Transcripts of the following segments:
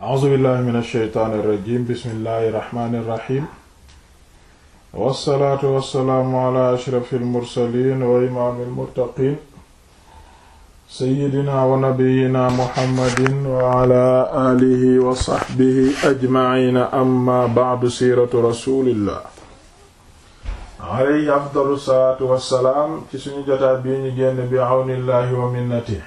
a'uuzu billahi min alsheytaani irrajim bismillahi irrahmani irrahim wassalaatu wassalaamu ala ashrafi almursalin wa imaami almuttaqin seyidina wa nabiyina muhammadin wa ala alihi wa saxbihi ajmaciina amma bacdu siiratu rasulillah alayhi afdalu salaatu wassalaam ci suñu jotaat bii ñu génn bi awnillahi wa minnatihi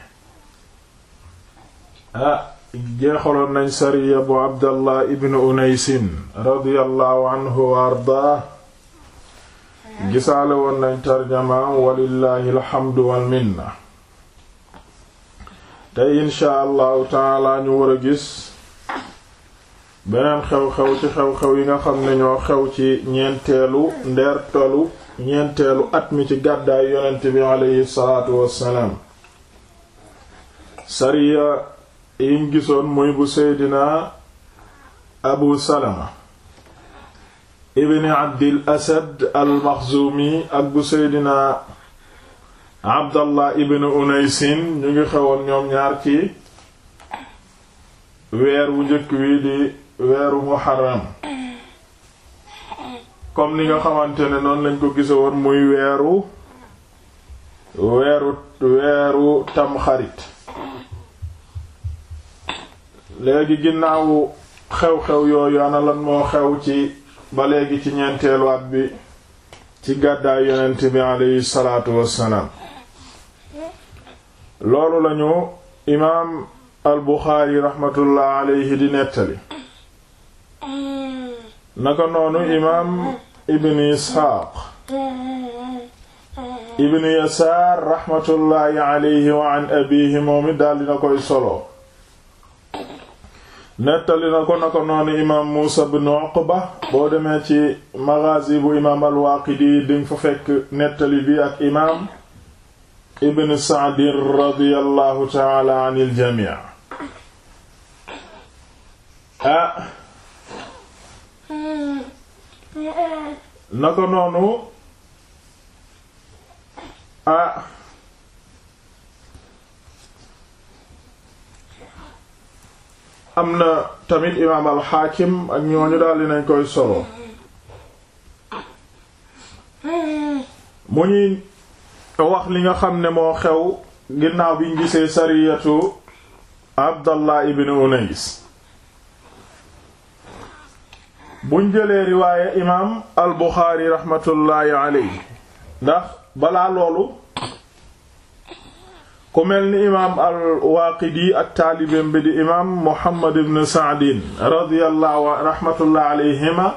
ah, jeexaloon nañ sariya bu abdallah ibnu unaysin radiyallahu anhu wa ardaa gisaale woon nañ tarjamaam walillaahi alxamdu walminna tey inshaa allahu taala ñu war gis beneen xew-xew ci xew-xew yi nga xam ne xew ci ñeenteelu ndeertalu ñeenteelu at mi ci gàddaay yonent bi aleyhi salaatu wassalaam sariya yiñ gisoon muy bu seydina abu salama ibni abdil asad almaxzumi ak bu seydina abdallah ibn unaysin ñu ngi xewoon ñoom ñaar ci weer wu njëkk wi di weeru muharram comme ni nga xamante ne noon lañ ko gisa woon muy weeru weeru weeru tamxarit léegi ginnaawu xew-xew yooyu ana lan moo xew ci ba léegi ci ñeenteelu at bi ci gàddaay yonent bi aleyhi salaatu wassalaam loolu lañu imaam al buxaari raxmatullah di nettali naka noonu imaam ibn isxaaq ibn yasaar raxmatullaahi wa an abiihi moom it daldi na koy solo nettali na ko na ko noonu imaam Muusa ibn Uqba boo demee ci Maghazi bu imaam al-Waaqidi dinga fa fekk nettali bi ak imaam ibn Sa'd radiyallahu ta'ala anil jamii ah na ko noonu ah am na tamit imaam alxaakim ak ñooñu daal nañ koy solo mu ñuy wax li nga xam ne moo xew ginnaaw biñ gisee sariyatu abdallah ibn unais buñ jëlee riwaaye imam al buxaari raxmatullaahi aley ndax balaa loolu ku mel ni imaam al-Waaqidi ak taalibeem bi di imaam Muhammad ibn Sa'din radiyallahu wa alayhima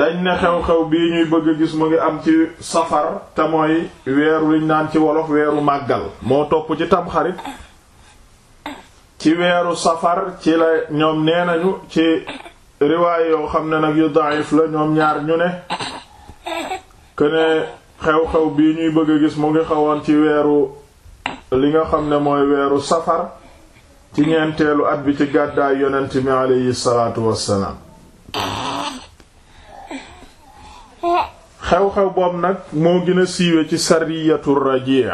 dañ ne xew-xew bii ñuy bëgg gis mu ngi am ci safar te mooy weer luñ naan ci wolof weeru màggal moo topp ci tamxarit ci weeru safar ci la ñoom nee nañu ci riwaay yoo xam ne nag yu da'if la ñoom ñaar ñu ne que xew-xew bii ñuy bëgg a gis mu ngi xawoon ci weeru li nga xam ne mooy weeru safar ci ñeenteelu at bi ci gàddaay yonent mi aleyhi wassalaam xew-xew boobu nag moo gën a ci sariyatu raji'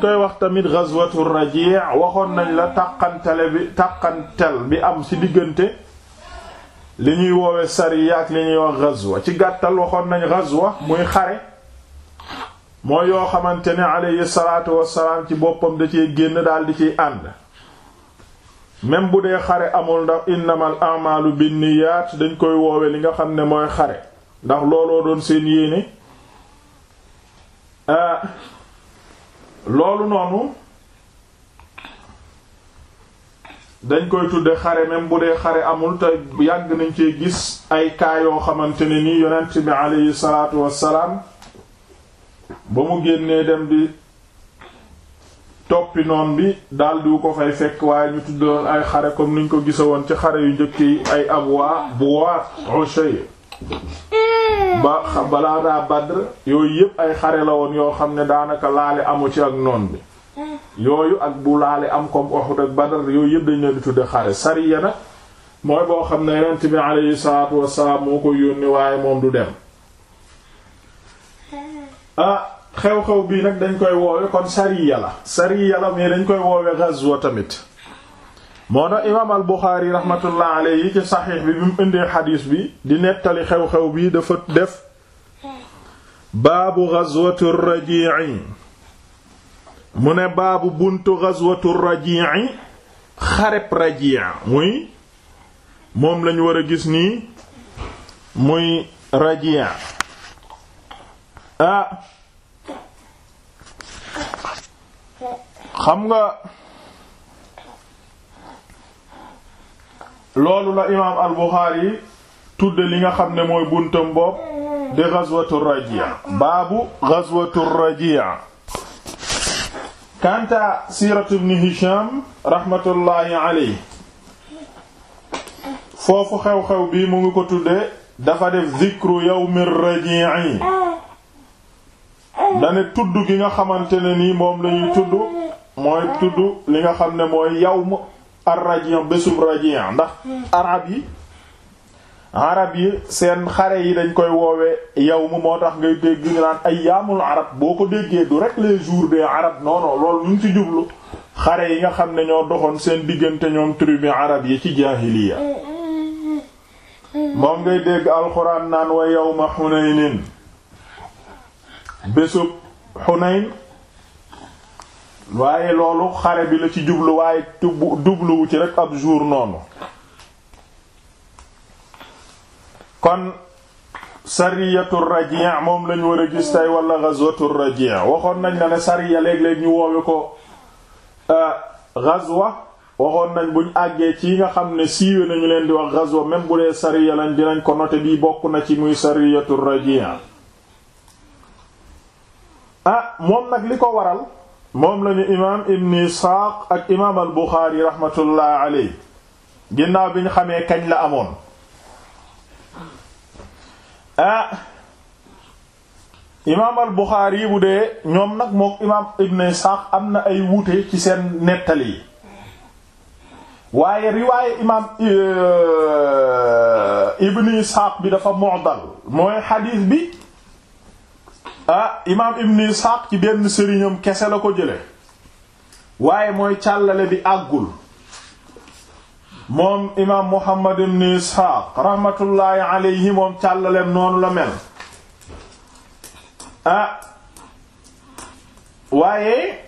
koy wax tamit ghazwatu raji' waxoon nañ la tàqantale bi tàqantel bi am ci diggante li ñuy woowe sariya ak li ñuy wax ghazwa ci gàttal waxoon nañ ghazwa muy xare mooy yoo xamante ne alayhi salaatu wassalaam ci boppam da ciy génn daal di ciy ànd même bu dee xare amul ndax innamal a'malu binniyaat dañ koy woowe li nga xam ne mooy xare ndax looloo doon seen yéene ah, loolu noonu dañ koy tudde xare même bu dee xare amul te yàgg nañ cee gis ay kaa yoo xamante ni nii yonent bi aleyhi salaatu wassalaam ba mu génnee dem bi toppi noon bi daldi ko fay fekk waaye ñu tuddoon ay xare comme niñ ko gisa woon ci xare yu njëkk yi ay abwa buwaat Ushayr ba balaa daa Badr yooyu yépp ay xare la woon yoo xam ne daanaka laale amu ci ak noon bi yooyu ak bu laale am comme Uhud ak Badr yooyu yëpp dañ leen di tudde xare sariya nag mooy boo xam ne yonent bi alayhi salaatu wasalaam moo ko yónni waaye moom du dem ah xew-xew bii nag dañ koy woowe kon sariya la sariya la mais dañ koy woowe ghazwa tamit moo tax imaam al Buxaari rahmatullah alayhi ci saxiix bi bi mu indee xadiis bi di nettali xew-xew bii dafa def baabu ghazwati raji'i mu ne baabu buntu ghazwatu rajii xareb rajii muy moom lañu war a gis nii muy rajii ah xam nga loolu la imaam al-Bukhari yi tudde li nga xam ne mooy buntam bopp di ghazwatu rajii baabu ghazwatu rajii kanta siiratu ibn hisham rahmatullahi alayhi foofu xew-xew bi mu ngi ko tudde dafa def zikru yi raji'i dane tudd gi nga xamante ne nii moom lañuy tudd mooy tudd li nga xam ne mooy yawm ar raji' bésub raji' ndax arab yi arab yi seen xare yi dañ koy woowe yow mu moo tax ngay dégg ñu ay yaamul arab boo ko déggee du rek les jours des arabes non non loolu ñu ci jublu xare yi nga xam ne ñoo doxoon seen diggante ñoom tribu arab yi ci jaahiliya moom ngay dégg alxuraan naan wa yawma xunaynin bésub xunayn waaye loolu xare bi la ci jublu waaye dubluwu ci rek ab jour noonu kon sariyatu raji' moom lañu war a gis tey wala ghazwatu raji' waxoon nañ la ne sariya léeg-léeg ñu woowe ko euh, ghazwa waxoon nañ buñ àggee ci nga xam ne siiwe nañu leen di wax ghazwa même bu dee sariya lañ dinañ ko noter bii bokk na ci muy sariyatu raji' ah moom nag li ko waral moom lañu imaam ibn Isxaaq ak imaam al Buxaari rahmatullah alayhi ginnaaw bi ñu xamee kañ la amoon ah imaam al Buxaari yi bu dee ñoom nag mook imaam Ibn Isxaaq am na ay wuute ci seen nettali yi waaye riwaaye imaam euh, Ibn Isxaaq bi dafa mu'dal mooy xadiis bi ah imaam Ibn Isxaaq ci benn sëriñam kese la ko jële waaye mooy càllale bi àggul moom imaam Muhammad ibn Isxaaq rahmatullaahi alayhi moom càllaleem noonu la mel ah waaye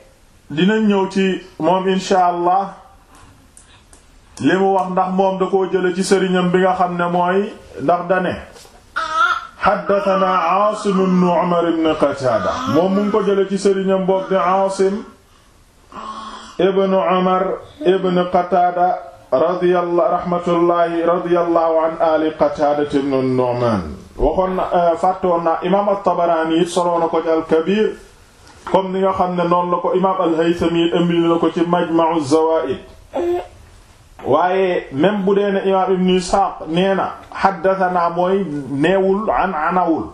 dina ñëw ci moom insha allah li mu wax ndax moom da koo jële ci sëriñam bi nga xam ne mooy ndax dane xaddatana aasim ibn umar ibn qataada moom mu ko jële ci sëriñam boobu di aasim ibn umar ibn qataada radiyallahu rahmatullahi radiyallahu an ali euh, imaam at-Tabaraani it soloo na ko ci al-Kabiir comme ni nga xam ne noonu la ko imaam al-Haythami it ëmbi na ko ci Majma'u az-Zawaa'id waaye même bu dee ne imaam Ibn Isxaaq nee na xaddatanaa mooy neewul an anawul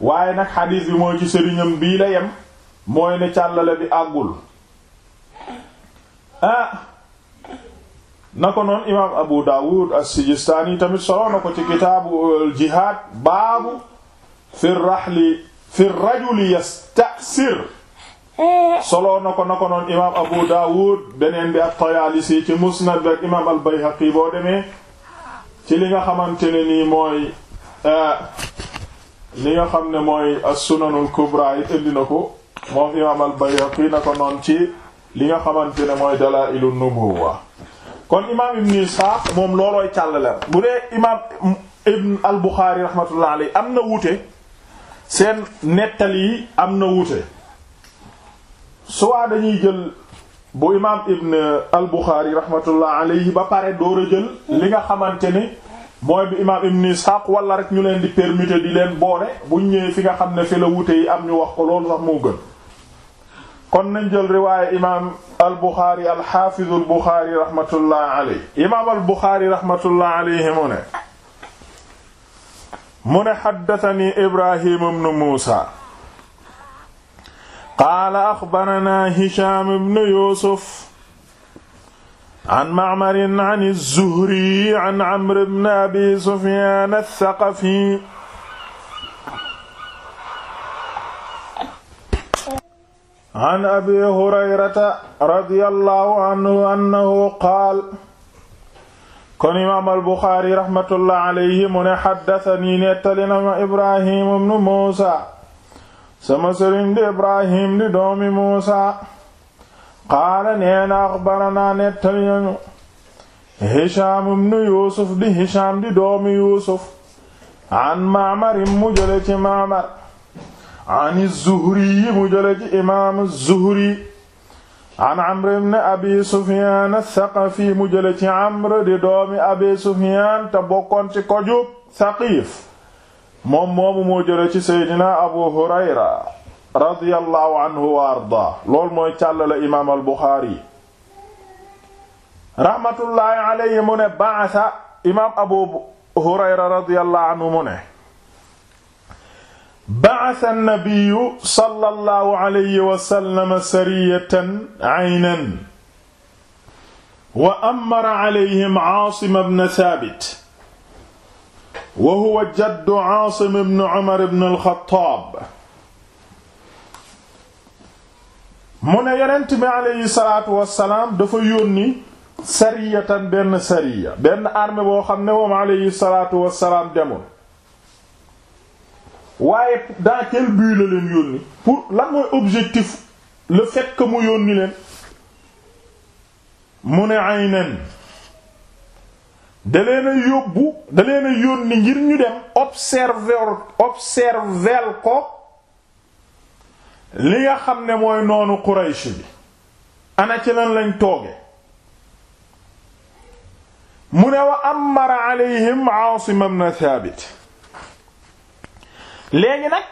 waaye nag xadiis bi mooy ci sëriñam bii yem mooy ne càllale bi àggul ah, nako ko noon imaam Abu Dawud as-Sijistaani tamit solo na ko ci kitaabu jihaad baabu fi rahli fi rajuli yastasir solo na ko na ko noon imaam Abu Dawud beneen bi at-Tayaalisi ci musnad ak imaam al-Bayhaqi boo demee ci li nga xamante ne ni mooy eh, li nga xam ne mooy as-Sunanul Kubra yi indi na ko moom imaam al-Bayhaqi na noon ci li nga xamante ne mooy Dalaa'ilun Nubuwwa kon imaam ibn Isaaq moom loolooy càll càllale bu dee imaam ibn al Buxaari rahmatullah alayhi am na wuute seen nettali yi am na wuute soit dañuy jël bu imaam ibn al Buxaari rahmatullah alayhi ba pare door a jël li nga xamante ni mooy bi imaam ibn Isaaq wala rek ñu leen di permettre di leen boole buñ ñëwee fi nga xam ne fi la wuute yi am ñu wax ko loolu sax moo gën kon nañ jël riwaaye imaam al buxaari al xaafizu al buxaari rahmatullah alayhi imaam al buxaari rahmatullah alayhi mu ne mu ne xaddatani ibrahim ibnu muusa qaala axbarana hisham ibnu yuusuf an ma'mar an az-zuhri an amr ibn abi sufyaan ath-thaqafi an abi hurayrata radiyallahu anhu annahu qaal kon imaam al buxaari raxmatullah alayhi mu ne xaddatani nettali na ma ibrahim ibnu muusa sama sëriñ di ibrahim di doomi muusa qaala neena axbarana nettali nañu hisham ibnu yuusuf di hisham di doomi yuusuf an maamarin mu jële ci maamar an zuhri yi mu jële ci imaam zuhri an amr ibn abi sufyan thaqafi mu jële ci amr di doomi abi sufyan te bokkoon kojub thaqif moom moomu moo seydina abu hurayra radiyallahu anhu wa ardaa lool mooy càllale imaam al buxaari rahmatullahi alayhi mu ba'atha an-nabiyyu sallallahu alayhi wa sallam sariyatan aynan wa amara alayhim Aasim ibn Thaabit wa huwa jaddu Aasim ibn Umar ibn al-Khattaab mu ne yonent bi aleyhi salaatu wassalaam dafa yónni sariyatan benn sariya benn armée boo xam ne moom aleyhi salaatu wassalaam demoon waaye dans quel but la leen yónni pour la mooy objectif le fait mu yónni leen mu ne aynen da leen a yóbbu da leen a yónni ngir ñu dem observer ko li nga xam ne mooy noonu Quraysh bi ana ci lan lañ tooge mu ne wa amara alayhim Aasim ibn Thabit léegi nag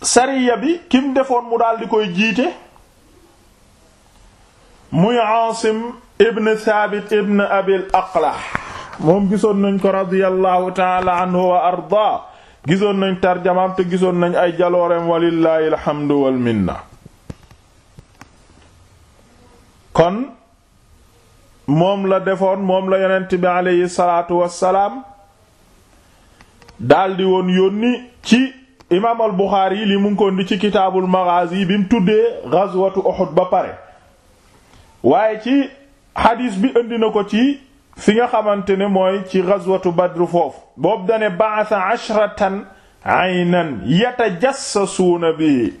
sariya bi kim defoon mu daal di koy jiite muy Aasim ibn Thabit ibn Abil Aqlah moom gisoon nañ ko radiyallahu taala anhu wa arda gisoon nañ tarjamaam te gisoon nañ ay jalooreem walillahi alhamdu wal minna kon moom la defoon moom la yonent bi aleyhi salaatu wassalaam daldi woon yónni ci imaam al Buxaari yi li mu ngi ko ndi ci kitaabul maghazi bi mu tuddee ghazwatu Uhud ba pare waaye ci xadiis bi indi na ko ci fi nga xamante ne mooy ci ghazwatu Badr foofu boobu dane ba'atha ashratan aynan suuna bi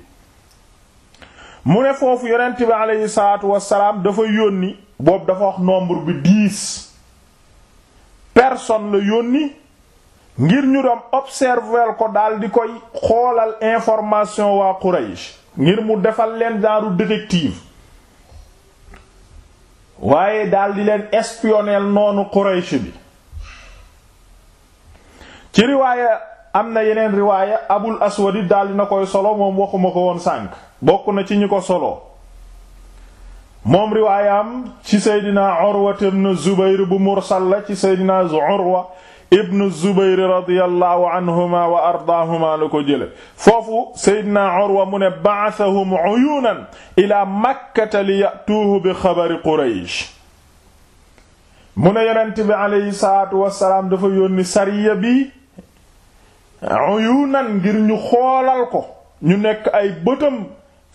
mu ne foofu yonent bi aleyhi salaatu wasalaam dafa yónni boobu dafa wax nombre bi dix personnes la yónni ngir ñu dem observer ko daal di koy xoolal information waa Quraysh ngir mu defal leen genre détective waaye daal di leen espionnel noonu Quraysh bi ci riwaaya am na yeneen riwaaya Abul Aswad daal di na koy solo moom waxuma ko woon sànk bokk na ci ñi ko solo moom riwaayam ci Seydina Urwa ibn Zubayr bu mursal la ci Seydina Urwa ibnu zubayri radiyallahu anhuma wa ardaahuma la ko jële foofu seydina urwa mu ne ba'athahum uyunan ila makkata li ya'tuuhu bi xabari quraysh mu ne yonent bi aleyhi salaatu wasalaam dafa yónni sariya bi uyunan ngir ñu xoolal ko ñu nekk ay bëtam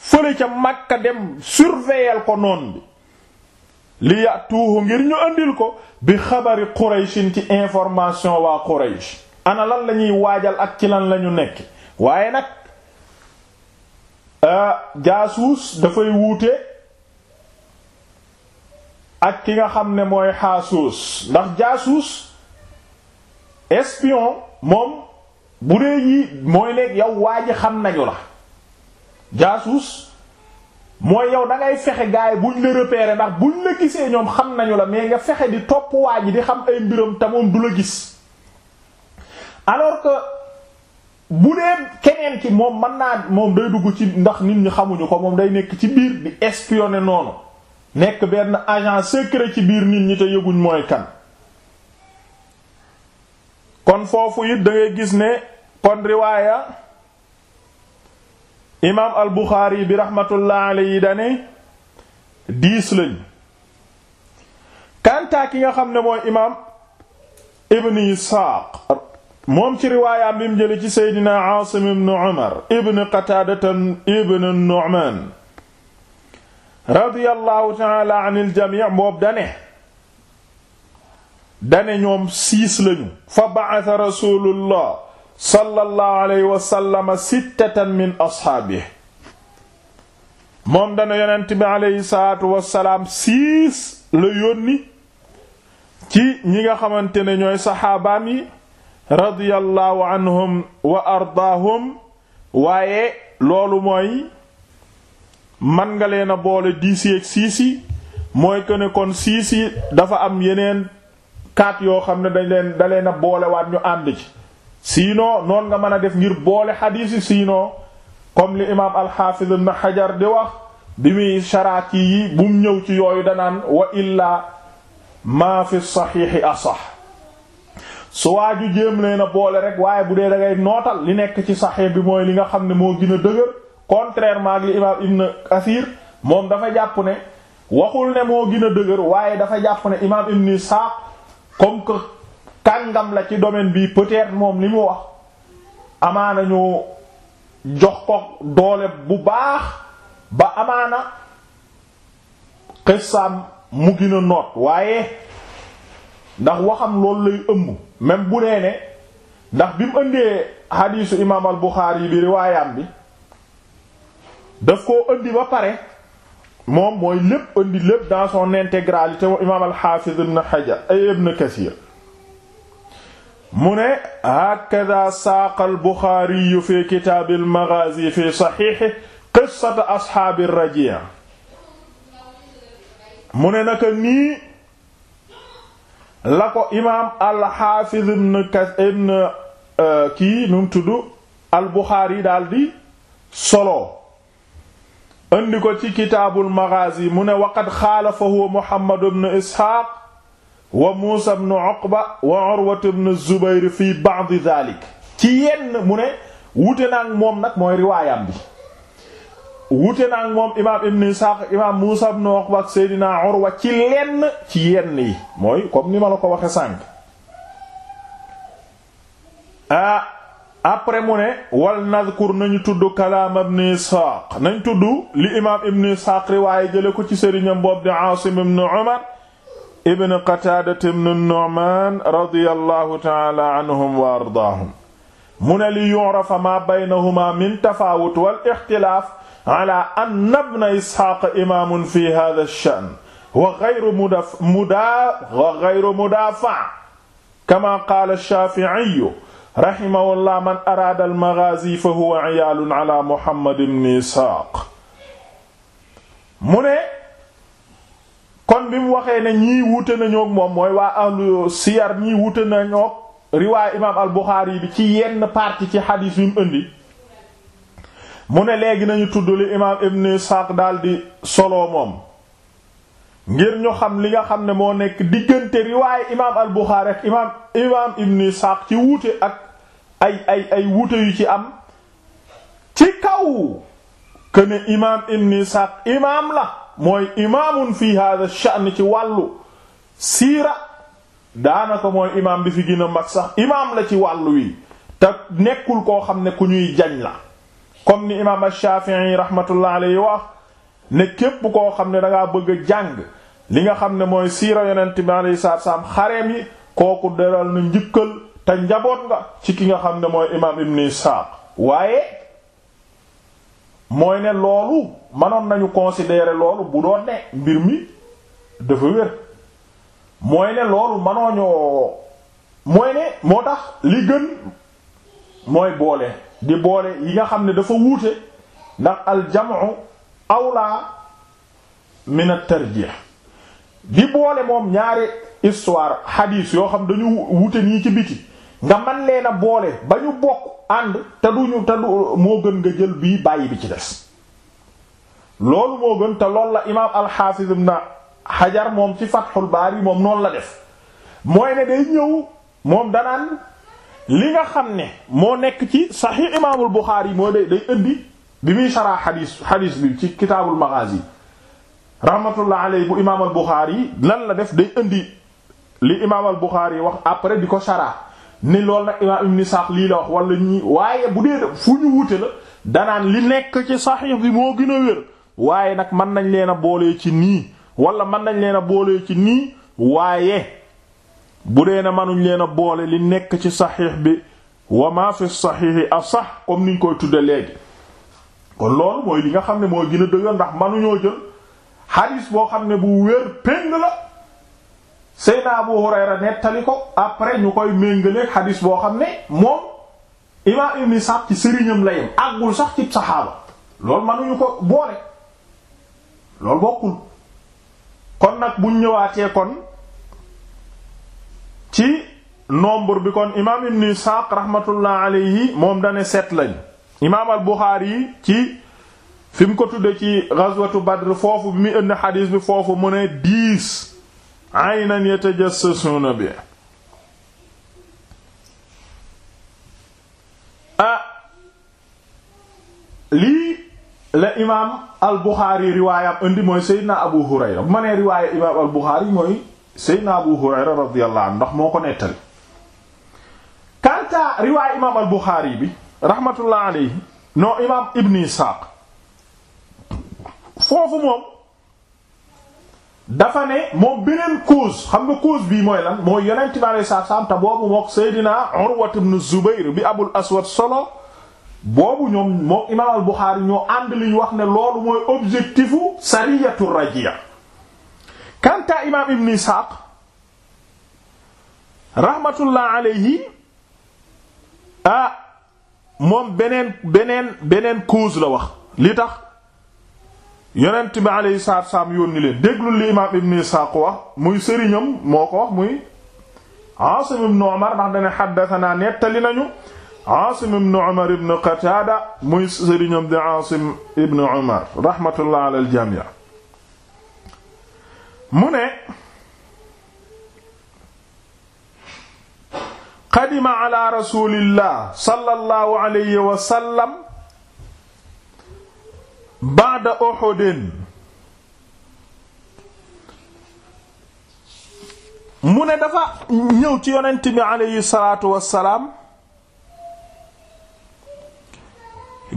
fële ca makka dem surveiller ko noon li yatuuhu ngir ñu andil ko bi xabari qurayshin ci information waa quraysh ana lan la ñuy waajal ak ci lan lañu nekk waaye nag euh, jaasuus dafay wuute ak ki nga xam ne mooy xaasuus ndax jaasuus espion moom bu dee yii mooy nekk yow waa ji xam nañu la jaasuus mooy yow dangay fexe gars yi buñ la repérer ndax buñ la gisee ñoom xam nañu la mais nga fexe di topp waa ji di xam ay mbiram te moom du la gis alors que bu dee keneen ki moom mën naa moom day dugg ci ndax nit ñi xamuñu ko moom day nekk ci biir di espionner noonu nekk benn agent secret ci biir nit ñi te yëguñ mooy kan. kon foofu it da gis ne kon riwaaya imaam al buxaari bi raxmatullah alayhi dane diis lañ kantaa ki nga xam ne mooy imaam ibn isxaaq moom ci riwaayaam bi mu jële ci seydina aasim ibn umar ibn qataadata ibn nu'maan radiyallahu taala an il jamii boobu dane dane ñoom siis lañu fa ba'atha rasulullah sallallahu alayhi wa sallam sittatan min asxaabihi moom dana yonent bi alayhi salaatu wasalaam siis la yónni ci ñi nga xamante ne ñooy saxaabaam yi radiyallahu anhum wa ardaahum waaye loolu mooy man nga leen a boole diis yeeg siis yi mooy que ne kon siis yi dafa am yeneen kaat yoo xam ne dañ leen da a boolewaat ñu ànd ci sinon noonu nga mën a def ngir boole xadiis yi sinon comme li imaam alxaafiz ibn xajar di wax bi muy sharaaki yi bu mu ñëw ci yooyu danaan wa illaa maa fi saxiixi asax su waaju jéem leen a boole rek waaye bu dee da ngay nootal li nekk ci saxiix bi mooy li nga xam ne moo gën a dëgër contrairement ak li imaam ibn Kathir moom dafa jàpp ne waxul ne moo gën dëgër waaye dafa jàpp ne imaam ibn Isaaq comme que kàngam la ci domaine bii peut-être moom li mu wax amaana ñu jox ko doole bu baax ba amaana xissaam mu gën a noot waaye ndax waxam loolu lay ëmb même bu nee ndax bi mu ëndee xadiisu imaam al bi riwaayam bi daf koo ëndi ba pare moom mooy lépp ëndi lépp dans son intégralité moom imaam al Xaafiz ibn Hajar ay ibn mu ne hakada saaqa albuxaariyu fi kitaabi almagaazi fi saxiixi qissata asxaabi rajiya mu ne naka nii la ko imaam alxaafiz ibn kas ibn euh, kii nu mu tudd albuxaari daal di solo indi ko ci kitaabul magaazi mu ne waqad xaalafahu muhammad ibn isxaaq wa Muusa ibn Uqba wa Urwa ibn Zubayr fi ba'd dhalik ci yenn mu ne wuute naa moom nag mooy riwaayam bi wuute naa ak moom imaam ibn Isaaq imaam Muusa ibn Uqba ak Seydina ci lenn ci yenn yi mooy comme ni ma la ko waxe sànq ah après mu ne wal nadhkur nañu tudd kalaam ibn Isaaq nañ tudd li imaam ibn Isaaq riwaaye jële ko ci sëriñam boobu di Aasim ibn Umar ibn qataada ibn nu'maan radiyallahu ta'ala anhum wa ardaahum mu ne li yu'rafa ma baynahuma min tafaawut wal ixtilaaf ala anna ibna isxaaqa imaamun fi haadha ash-sha'n wa ghayru mudaa wa ghayru mudaafa' kama qaala ash-shaafi'i rahimahullah man araada al-maghaazi fa huwa 'iyaalun ala muhammad ibn isxaaq mu ne kon bi mu waxee ne ñii wuute nañoo ak moom mooy waa ahlu siyar ñii wuute nañoo ak riwaay imaam al-Bukhari bi ci yenn parti ci xadiis yu mu indi mu ne léegi nañu tudd li imaam Ibn Ishaq daldi solo moom ngir ñu xam li nga xam ne moo nekk diggante riwaay imaam al-Bukhari ak imaam imaam Ibn ci wuute ak ay ay ay wuute yu ci am ci kaw que ne imaam Ibn Ishaq imaam la. mooy imaamun fi hada sha'n ci wàllu siira daanaka mooy imaam bi fi gën a mag sax imaam la ci wàllu wi te nekkul koo xam ne ku ñuy jañ la comme ni imaam Shaafi'i rahmatullah alayhi wax ne képp koo xam ne dangaa bëgg a jàng li nga xam ne mooy siira yonent bi alayhi salaatu salaam xareem yi kooku deral na njukkal te njaboot nga ci ki nga xam ne mooy imaam Ibn Isxaaq waaye mooy ne loolu mënoon nañu considérer loolu bu doon ne mbir mi dafa wér mooy ne loolu mënooñoo mooy ne moo tax li gën mooy boole di boole yi nga xam ne dafa wuute ndax aljamu awlaa min at-tarjih di boole moom ñaari histoire hadith yoo xam dañu wuute nii ci biti nga man leen a boole ba ñu bokk ànd te duñu te du moo gën nga jël bii bàyyi bi ci des loolu moo gën te loolu la imaam alxaafis ibn xajar moom ci fatxul baari moom noonu la def mooy ne day ñëw moom danaan li nga xam ne moo nekk ci saxiix imaamul buxaari moo day day indi bi muy saraa xadiis xadiis bi ci kitaabul magaazi rahmatullah alayhi bu imaamal buxaari lan la def day indi li imaamal buxaari wax après di ko saraa ni loolu nag imaam ibn Isaaq lii la wax wala ñii waaye bu dee fu ñu wute la danaan li nekk ci saxiix bi moo gën a wér waaye nag mën nañ leen a boolee ci nii wala mën nañ leen a boolee ci nii waaye bu dee na mënuñ leen a boole li nekk ci saxiix bi wa ma fi saxiix a sax comme niñ koy tudde léegi kon loolu mooy li nga xam ne mooy gin a dëgër ndax mënuñoo jël xadiis boo xam ne bu wér péng la Seyna Abu Hurayra nettali ko après ñu koy méngaleeg xadis boo xam ne moom imaam Ibn Sa'd ci sëriñam la àggul sax ci saxaaba loolu mënuñu ko boole loolu bokkul kon nag buñ ñëwaatee kon ci nombre bi kon imaam Ibn Sa'd rahmatullah alayhi moom dane sept lañ imaam al yi ci fi mu ko tudde ci ghazwatu Badr foofu bi muy ënd xadis bi foofu mu ne aynan yatajassasuuna bi ah lii la imaam al Buxaari riwaayam indi mooy Seydina Abu Hurayra bu ma nee riwaaya imaam al Buxaari mooy Seydina Abu Hurayra radiyallahu anhu ndax moo ko nettali kanta riwaaya imaam al Buxaari bi rahmatullah alayhi non imaam Ibn Isxaaq foofu moom dafa ne moom beneen cause xam nga cause bii mooy lan mooy yonent bi alayhi salaatu salaam te boobu mook Seydina Urwa ibn Zubayr bi Abul Aswad solo boobu ñoom mook imaam al-Bukhari ñoo ànd liñ wax ne loolu mooy objectifu sariyatu rajia kanta imaam Ibn Ishaq rahmatullah alayhi ah moom beneen beneen beneen cause la wax li yonent bi alayhi salaatu salaam leen déglu imaam ibn Isaaq muy sëriñam moo ko wax muy Aasim ibn Umar ndax dana xaddatanaa nettali nañu Aasim ibn Umar ibn Qataada muy sëriñam di Aasim ibn Umar rahmatullah ala al mu ne qadima ala rasulillah sallallahu alayhi wa baada Uhudin mu ne dafa ñëw ci yonent bi aleyhi salaatu wassalaam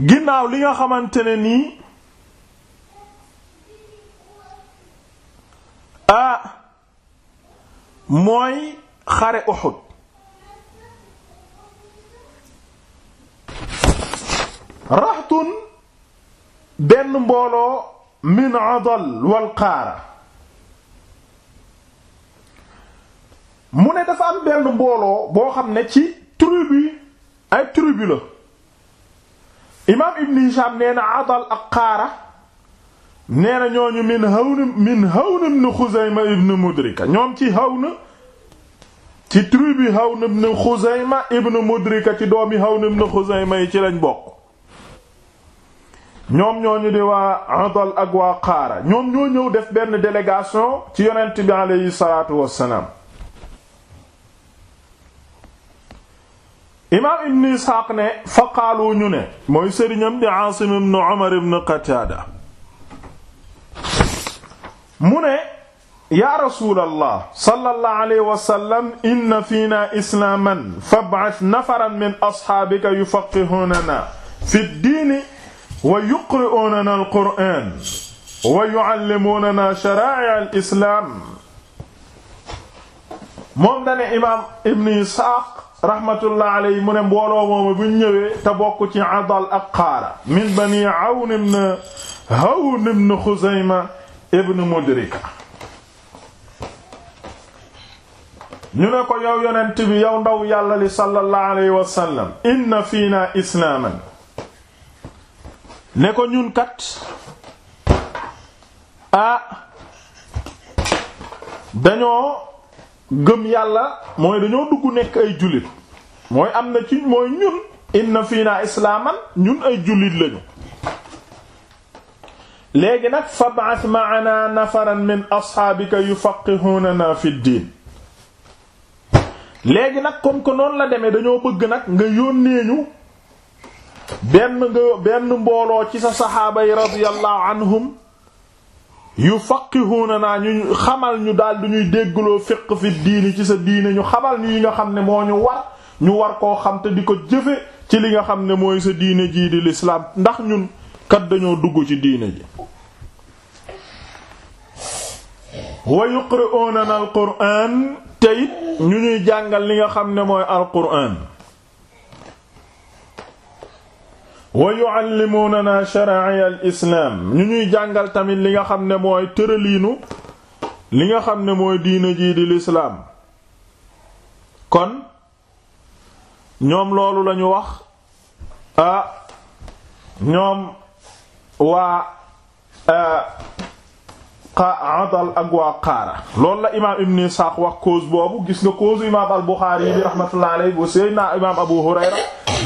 ginnaaw li nga xamante ne nii ah mooy xare Uhud raxtun benn mbooloo min adal wal qaara mu ne dafa am benn mbooloo boo xam ne ci tribu ay tribu la imaam ibn Hisham nee na adal ak qaara nee na ñooñu min hawn min hawn ibn Xuzayma ibn Mudrika ñoom ci hawn ci tribu hawn ibn Xuzayma ibn Mudrika ci doomi hawn ibn Xuzayma yi ci lañ bokk ñoom ñooñu di waa Adal ak waa Qaara ñoom ñoo def benn délégation ci yonent bi aleyhi salaatu wassalaam imaam ibn Isxaaq ne fa qaalu ñu ne mooy sëriñam di Aasim ibn Umar ibn Qataada mu ne yaa rasuulallah sallallahu alayhi wasallam inna fiina islaaman fab'ath nafaran min asxaabika yufaqqihunana fi ddiini wa yuqri'uunana al-qur'aan wa yu'allimuunana sharaa'i'a al-islaam imaam ibn Isxaaq rahmatullah alayhi mu ne mbooloo moomu Adal ak min bani Awn ibn Hawn ibn Xuzayma ibn Mudrika ñu ko yow yonent bi yow ndaw yàlla li sallallahu alayhi wa sallam inna fiina ne ko ñun kat ah dañoo gëm yàlla mooy dañoo dugg nekk ay jullit mooy am na ci mooy ñun inna fii naa islaaman ñun ay jullit lañu léegi nag fab'ath ma'ana nafaran min asxaabika yufaqihunana fi diin léegi nag comme que noonu la demee dañoo bëgg nag nga yónnee ñu benn mbooloo ci sa saxaaba yi radiyallahu anhum yu faqihuuna naa ñu xamal ñu daal du ñuy déggloo fiq fi diini ci sa diine ñu xamal ñu yi nga xam ne moo ñu war ñu war koo xam te di ko jëfe ci li nga xam ne mooy sa diine jii di lislaam ndax ñun kat dañoo dugg ci diine ji wa yuqri'uuna al-qur'aan te ñu ñuy jàngal li nga xam ne mooy al-qur'aan wa yuallimuunana shara'iya al islaam ñu ñuy jàngal tamit li nga xam ne mooy tëraliinu li nga xam ne mooy diina jii di lislaam kon ñoom loolu lañu wax a ah, ñoom waa ah, adal ak waa qaara la imaam ibn Isaaq wax cause boobu gis nga cause imaam al Buxaari yi bi rahmatullah alayhi bu Seydina imaam Abu Hurayra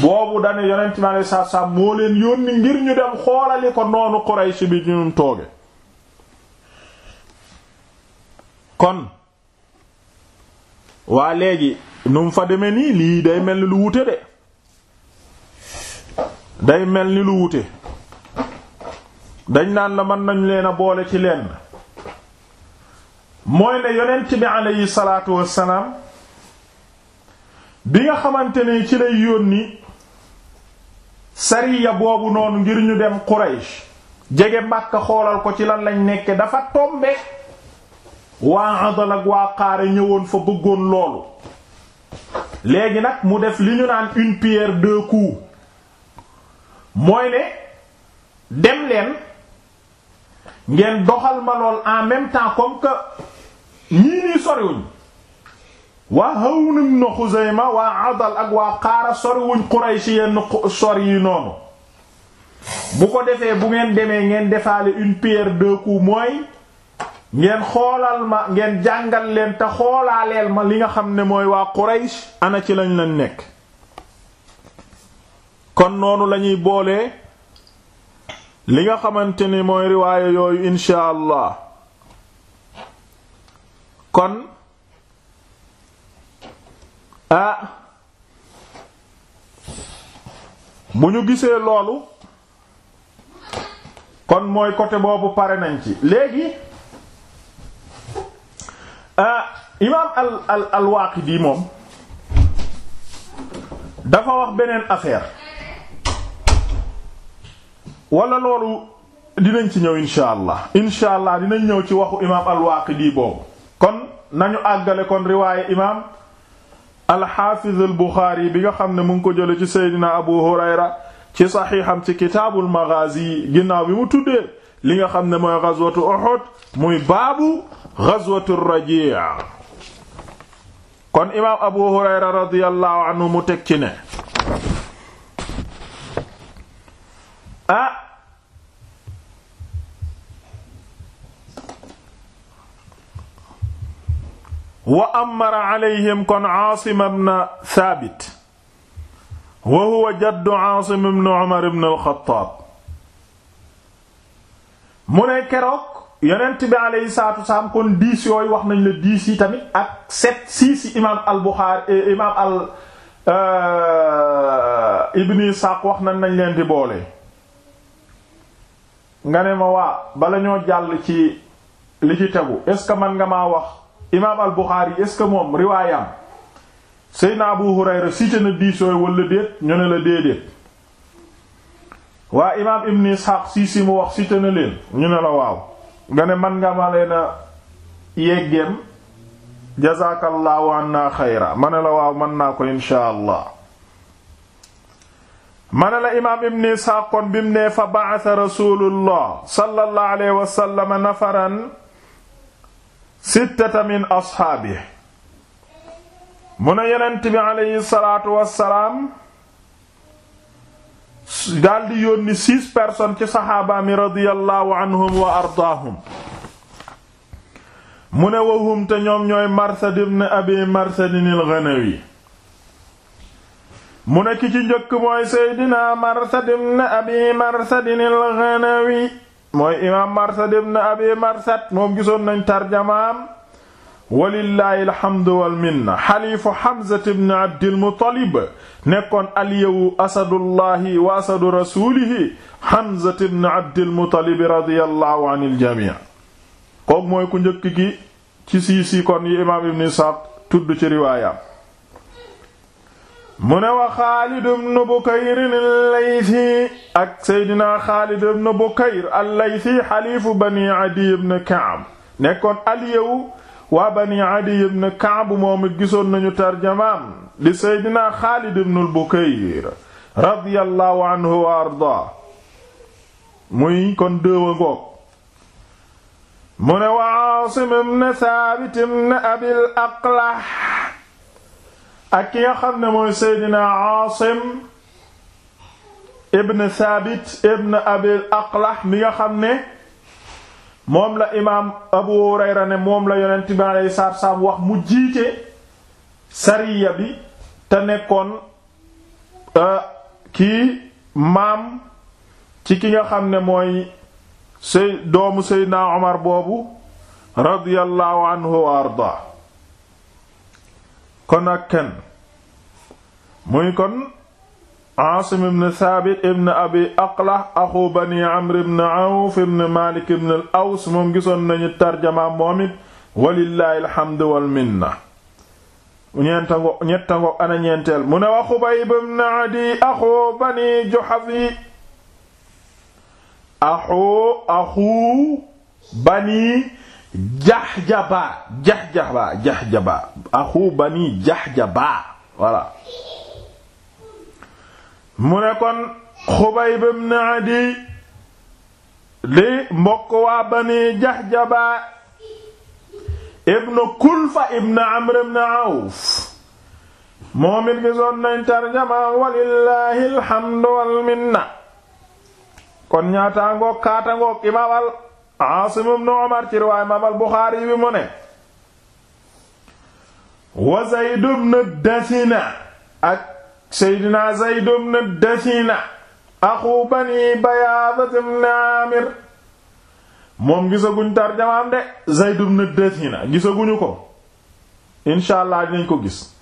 boobu dane yonent mi alayhi salaatu salaam moo leen yónni ngir ñu dem xoolali ko noonu Quraysh bi ñun tooge kon waa léegi nu mu fa demee nii lii day mel ni lu wute de day mel ni lu wute dañ naan la mën nañ leen a boole ci leen mooy ne yonent bi aleyhi salaatu wassalaam bi nga xamante ne ci lay yónni sariya boobu noonu ngir ñu dem Quraysh jege Makka xoolal ko ci lan lañ nekke dafa tombe waa Adal ak waa Qaare ñëwoon fa bëggoon loolu léegi nag mu def li ñu naan une pierre deux coups mooy ne dem leen ngeen doxal ma lool en même temps comme ñii nii soriwuñ waa Hawn ibn Xuzayma waa Adal ak waa Qaara soriwuñ Quraysh yenn sor yi noonu bu ko defee bu ngeen demee ngeen defaale une pierre deux mooy ngeen xoolal ma ngeen jàngal leen te xoolaaleel ma li nga xam ne mooy waa Quraysh ana ci lañ lañ nekk kon noonu lañuy boole li nga xamante ni mooy riwaaya yooyu insha allah kon ah bu ñu gisee loolu kon mooy côté boobu pare nañ ci léegi ah imaam al al al Waaqidi moom dafa wax beneen affaire wala loolu dinañ ci ñëw insha allah insha allah dinañ ñëw ci waxu imaam al Waaqidi boobu. kon nañu àggale kon riwaaye imaam alxaafiz albuxaari bi nga xam ne mu ngi ko jële ci seydina abu hurayra ci saxiixam ci kitaabul magaazi ginnaaw bi mu tuddee li nga xam ne mooy gazwatu uhud muy baabu gazwatu raji' kon imaam abu hurayra radiyallahu anhu mu teg ci ne ah, wa amara alayhim kon Aasim ibn Thaabit wa huwa jaddu Aasim ibn Umar ibn al mu ne keroog yonent bi aleyhi salaatu wasalaam kon diis yooyu wax nañ la diis yi tamit ak sept six yi al Buxaari eh, imaam al eh, Ibn Isaaq wax nañ nañ leen di boole nga ne ma waa bala ñoo jàll ci li ci tegu est ce que man nga maa wax imaam al Buxaari est-ce que Abu Hurayra cité na diis déet ñu ne la déedéet waa imaam Ibn Ishaq si wax cité leen ñu ne la waaw nga ne man nga ma leen a yeggeem jazaakallahu anna xayra ma ne la waaw mën naa ko inshaa allah ma ne la imaam Ibn Ishaq kon bi ne fa ba'atha rasulullah sallallahu alayhi wa sallam sittata min asxaabi mu ne yonent bi salaatu wassalaam daldi yónni six ci saxaabaami radiyallahu anhum wa ardaahum mu ne wahum ñoom ñooy marsad ibn abi marsadin al-ghanawi mu ne ki ci njëkk mooy seydina marsad ibn abi marsadin al-ghanawi mooy imaam marsad ibn abi marsad moom gisoon nañ tarjamaam walillahi alhamdu wal minna xaliifu Hamza Abdil Muttalib nekkoon aliyewu asadullahi wa asadu rasulihi Hamza ibn Abdil Muttalib radiyallahu anil jamii. kooku mooy ku njëkk ki ci sii yi imaam Ibn Isxaaq tudd ci riwaayam. mu ne wa Xaalid ibn Bukayr al-Laythi ak Seydina Xaalid ibn Bukayr al xalifu Bani Adiy ibn Ka'b nekkoon aliyewu waa Bani Adiy ibn Ka'b moom it gisoon nañu tarjamaam di Seydina Xaalid ibn Bukayr radiyallahu anhu wa ardaa muy kon dëewa ngoog wa Aasim ibn Thaabit ibn Abil Aqlah ak ki nga xam ne mooy Seydina Aasim ibn Thabit ibn Abil Aqlah mi nga xam ne moom la imaam Abu Hurayra ne moom la yonent bi alayhi salaatu salaam wax mu jiite sariya bi te nekkoon euh, kii maam ci ki nga xam ne mooy doomu Seydina Omar boobu radiyallahu anhu kon ak kenn muy kon Aasim ibn Saabit ibn Abi Aqlah axu bani Amr ibn Awf ibn Maalik ibn aws moom gisoon nañu tarjama moom it alhamdu wal ñetta ngo ana ñeenteel mu ne wa Xubayb ibn Adi axu bani Juhafi axu bani jaxjaba jaxjaba jaxjaba axu bani jaxjaba voilà mu ne kon xubayb ibn mbokk waa bani jaxjaba ibn kulfa ibn amr ibn auf moom it nañ tarjama walillahi alhamdu minna kon ñaataangook kaataangook imawal Aasim ibn Umar ci riwaaya imaam al-Buxaari bi mu ne wa Zayd ibn Dasina ak Seydina Zayd ibn Dasina axu Bani Bayaada ibn Aamir moom gisaguñ tarjamaam de Zayd ibn Dasina gisaguñu ko insha Allah dinañ ko gis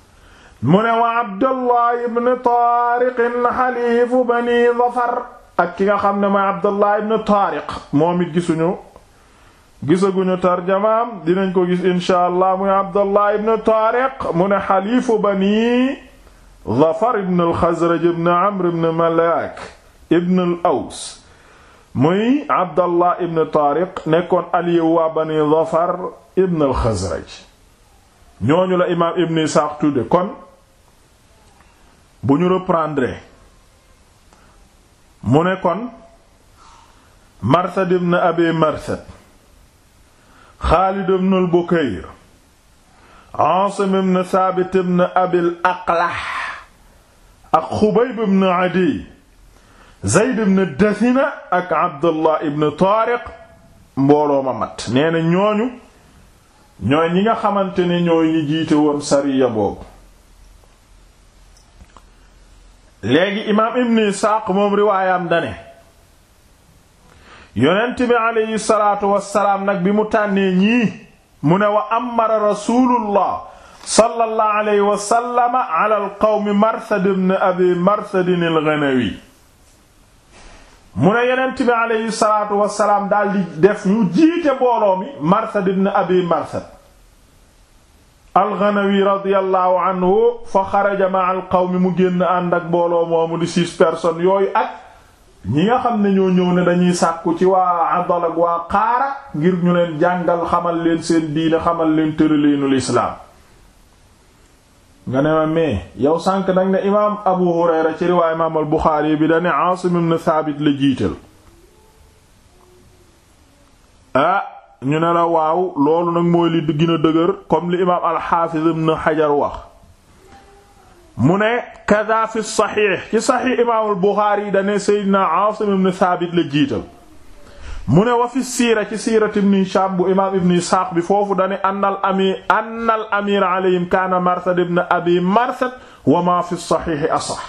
mu ne wa Abdullah ibn Taariq xaliifu Bani Zafar ak ki nga xam ne mooy Abdallah ibn Taariq moom it gisuñu gisaguñu tarjamaam dinañ ko gis insha allah muy Abdallah ibn Taariq mu ne xaliifu bani Zafar ibn al ibn Amr ibn Malak ibn al muy Abdallah ibn Taariq nekkoon aliyewu waa bani Zafar ibn al-Xazraj ñooñu la imaam ibn Isaaq tudde kon bu ñu reprendre mu ne kon marsad ibn abi marsad xaalid ibn al bukayr aasim ibn saabit ibn abil aqlah ak xubayb ibn adiy zeyd ibn dasina ak abdullah ibn taariq mbooloo ma mat nee na ñooñu ñooy ñi nga xamante ne ñooy ñi jiite woon sariya boobu léegi imaam ibn isxaaq moom riwaayam dane yonent bi aleyhi salaatu wassalaam nag bi mu tànnee ñii mu ne wa amara rasulullah sallallahu alayhi wa sallam ala al qawmi marsad ibn abi marsad al ghanawi mu ne yonent bi aleyhi salaatu wassalaam daal def ñu jiite mbooloo mi marsad ibn abi marsad alxanawi radiallahu anhu fa xaraja ma al qawmi mu génn ànd ak mbooloo moomu di six personnes yooyu ak ñi nga xam ne ñoo ñëw ne dañuy sàkku ci waa Adal ak waa Qaara ngir ñu leen jàngal xamal leen seen diine xamal leen tëraleenu lislaam nga ne ma mais yow sànq nag ne imaam Abu Hurayra ci riwaay imaam al Buxaari bi dane Aasim ibn Thaabit la jiital ah, ñu ne la waaw loolu nag mooy li gën a dëgër comme li imaam alxaafiz ibn xajar wax mu ne kada fi saxiix ci saxiix imaamul buxaari dane seydina aasim ibn thaabit la jiital mu ne wa fi siira ci siirat ibn hishaam bu imaam ibn isxaaq bi foofu dane ann al amir ann kaana marsad ibn abi marsad wa ma fi saxiixi asax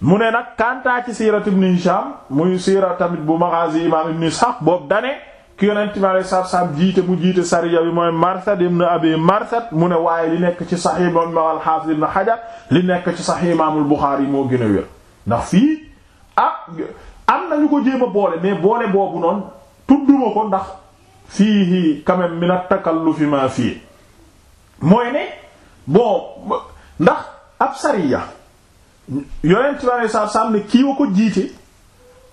mu ne nag kantaa ci siirat ibn hishaam muy siira tamit bu magaazi imaam ibn isxaaq boobu dane ki yonent bi alayhi salaatu jiite mu jiite sariya bi mooy Marsad na Abi Marsad mu ne waaye li nekk ci Sahih Imam al-Hafiz Ibn li nekk ci Sahih Imam al-Bukhari moo gën a wér ndax fii ah am na ñu ko jéem a boole mais boole boobu noonu tudduma ko ndax fii quand même min at-takalluf ma fii mooy ne bon ndax ab sariya yonent bi alayhi salaatu salaam ne kii wa ko jiite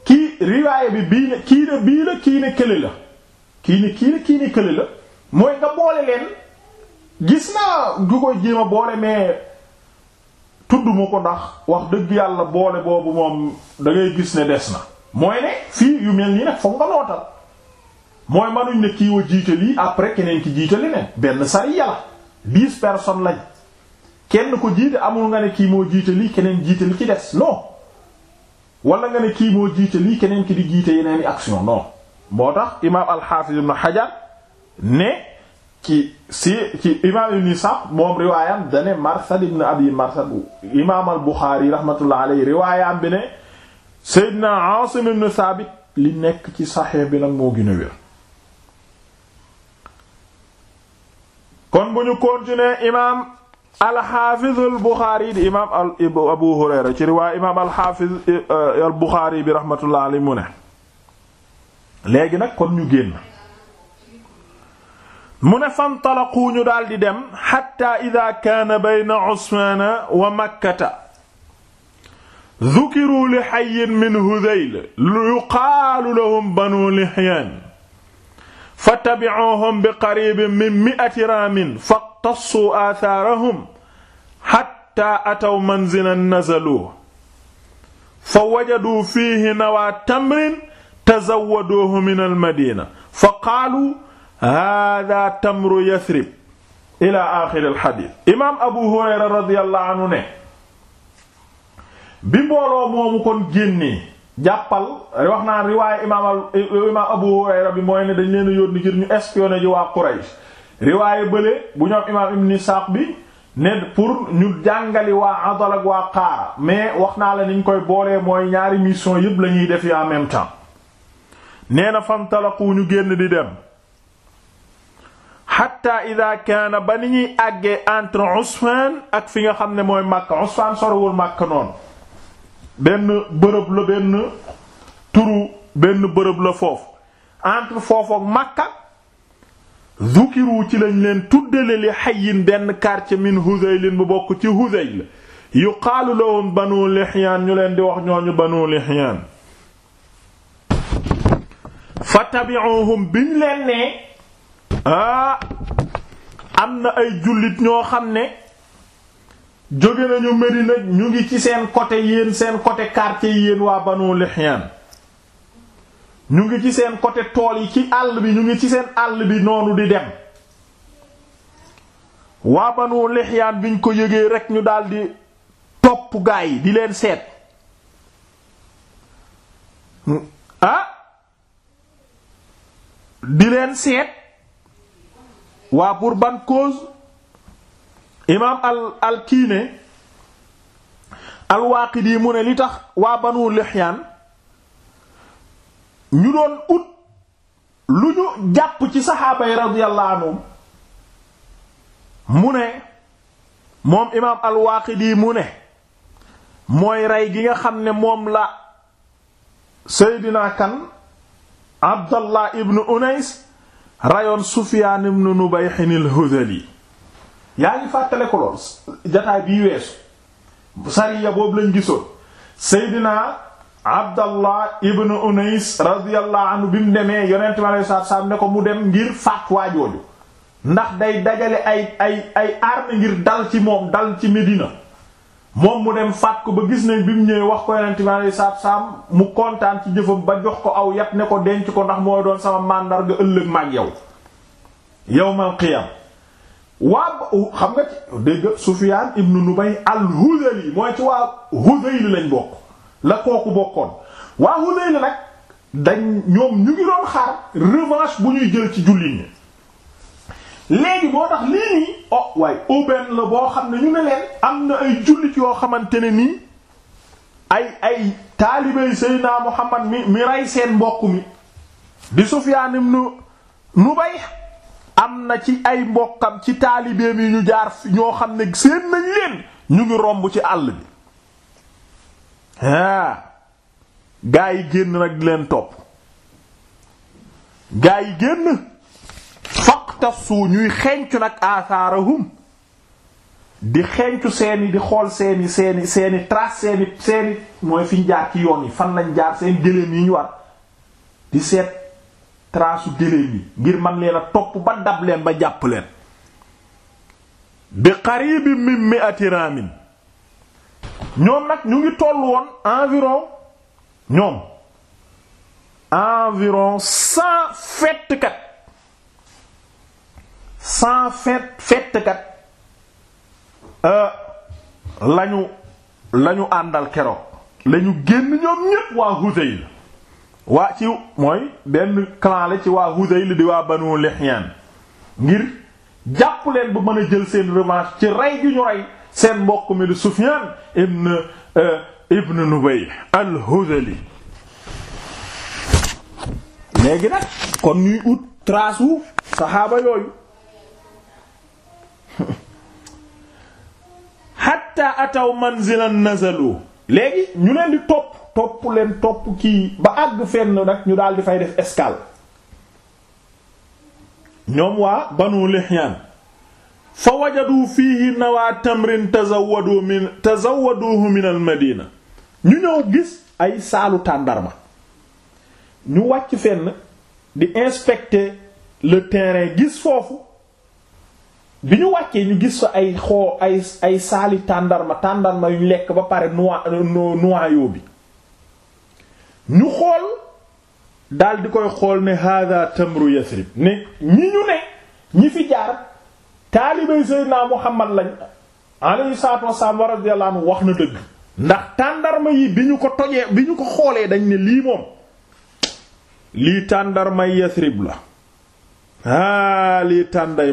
kii riwaaya bi bii ne kii ne bii la kii ne kële la. kii ni kii ni kii ni kële la mooy nga boole leen gis naa du koy jéem a ko ndax wax dëgg yàlla boole boobu moom da gis ne des na mooy ne fii yu mel nii nag foog nga nootal mooy manuñ ne kii wa jiite lii après keneen ki jiite leneen benn sari yàlla dix personnes lañ kenn ko jiite amul nga ne kii moo jiite lii keneen jiite li ci des non wala nga ne kii moo jiite lii keneen ki di jiite yeneen i action non moo tax imaam alxaafis ibn xajar ne ci ci imaam ibn Isaaq moom riwaayam dane marsad ibn abi marsad imaam al buxaari riwaayam bi ne seydina asim ibn saabit li nekk ci saxiix bi nag moo gën a kon bu ñu continuer imaam alxaafiz al eh, eh, bi rahmatullah mu ne léegi nag kon ñu génn mu ne fantalaqu ñu daal di dem xatta ida kaana bayna usmaana wa makkata dukiru li xayin min hudayl yuqaalu lahum banu lihyaan fa tabicuuhum bi qaribin min mi'ati raamin faqtassuu aasaarahum xatta ataw manzilan nazaluuhu fa wajaduu fiihi nawaa tamrin tazawwaduuhu min almadina fa qaalu hada tamru yasrib ila axiri alxadis imaam abu hurayra radiyallahu anhu ne bi mbooloo moomu kon génnee jàppal wax naan riwaaya imaam imaam abu hurayra bi mooy ne dañ leen a yónni ngir ñu espionné ji waa quraysh riwaaya bële bu ñoom imaam ibn isaaq bi ne pour ñu jàngali waa adal ak waa qaara mais wax naa la niñ koy boolee mooy ñaari mission yépp lañuy def en même temps nee na fantalaqu ñu génn di dem xatta ida kaana ba ni ñuy àggee entre Usfan ak fi nga xam ne mooy Makka Usfan sorowul Makka noonu benn bërëb la benn turu benn bërëb la foofu entre foofu ak Makka zukiru ci lañ leen tuddale li xayin benn quartier min Huzaylin bu bokk ci Huzayl yuqaalu lahum banu Lihyaan ñu leen di wax ñooñu banu Lihyaan tabi'uhum biñ leen nee ah am na ay jullit ñoo xam ne jóge nañu Medina ñu ngi ci seen côté yéen seen côté quartier yéen waa Banu Lihyan ñu ngi ci seen côté tool yi ci àll bi ñu ngi ci seen àll bi noonu di dem waa Banu Lihyan biñ ko yëgee rek ñu daldi topp gaay yi di leen seet hmm, ah, di leen seet waa pour ban cause imaam al al kiine al-Waaqidi mu ne li tax waa banu Lihyaan ñu doon ut lu ñu jàpp ci saxaaba yi radiyallahu anhum mu ne moom imaam al-Waaqidi mu ne mooy rey gi nga xam ne moom la Seydina kan abdallah ibn unays rayoon sufyaan ibn nubayhin al-hudali yaa ngi fàttale ko lool jataay bii weesu sariya boobu lañ gisoon seydina abdallah ibn unays radiyallahu anhu bi mu demee yonent mi alayhi ne ko mu dem ngir faat waa jooju ndax day dajale ay ay ay arme ngir dal ci moom dal ci Medina moom mu dem faat ko ba gis nañ bi mu wax ko yonent bi alayhi salaatu salaam mu kontaan ci jëfam ba jox ko aw yat ne ko denc ko ndax mooy doon sama màndarga ëllëg maag yow yawmal qiyaam waa uh, xam nga ci dégg Sufyaan ibnu Nubay al-Hudhali mooy ci waa Hudhayl lañ bokk la kooku bokkoon waa Hudhayl nag dañ ñoom ñu ngi doon xaar revanche bu ñuy jël ci jullit yi léegi moo tax lii nii oh waaye aubaine la boo xam ne ñu ne leen am na ay jullit yoo xamante ne nii ay ay taalibey Seydina Muhammad mi mi rey seen mbokk mi di Sufyaan ibn Nubay am na ci ay mbokkam ci taalibeem yi ñu jaar ñoo xam ne seen nañ leen ñu ngi romb ci àll bi ah gaa yi génn nag leen topp gaa yi génn faqtasu ñuy xencu nag athaarahum di xencu seeni di xool seeni seeni seeni trace seeni seeni mooy fi ñu jaar ci yoon yi fan lañ jaar seen gëléem yi ñu war di seet trace su yi ngir man leen a topp ba dab leen ba jàpp leen bi qaribin min mi'ati ramin ñoom nag ñu ngi toll woon environ ñoom environ cent fettkat sans fet fettkat euh, lañu lañu àndal keroog lañu génn ñoom ñépp waa Huzayl waa ci mooy benn clan la ci waa Huzayl di waa Banu Lihyan ngir jàpp leen bu mën a jël seen revanche ci rey gi ñu rey seen mbokk mi di Sufyan ibn euh, ibn Nubay al-Huzali léegi nag kon ñuy ut trace wu saxaaba yooyu hatta ataw manzilan nazalu léegi ñu leen di topp topp leen topp kii ba àgg fenn nag ñu daal fay def escale ñoom waa banu lihyan fa wajadu fiihi nawaa tamrin tazawwadu min tazawwaduhu min madina ñu ñëw gis ay saalu tàndarma ñu wàcc fenn di inspecter le terrain gis foofu bi ñu wàccee ñu gis fa ay xoo ay saali tàndarma tàndarma yu lekk ba pare noyau bi ñu xool daal di koy xool ne hada tamru yasrib ne ñi ñu ne ñi fi jaar taalibey Seydina Muhammad lañ alayhi salaatu wassalaam wa radiyallahu anhu wax na dëgg ndax tàndarma yi bi ñu ko tojee bi ñu ko xoolee dañ ne lii moom lii tàndarmay yasrib la haa lii tànday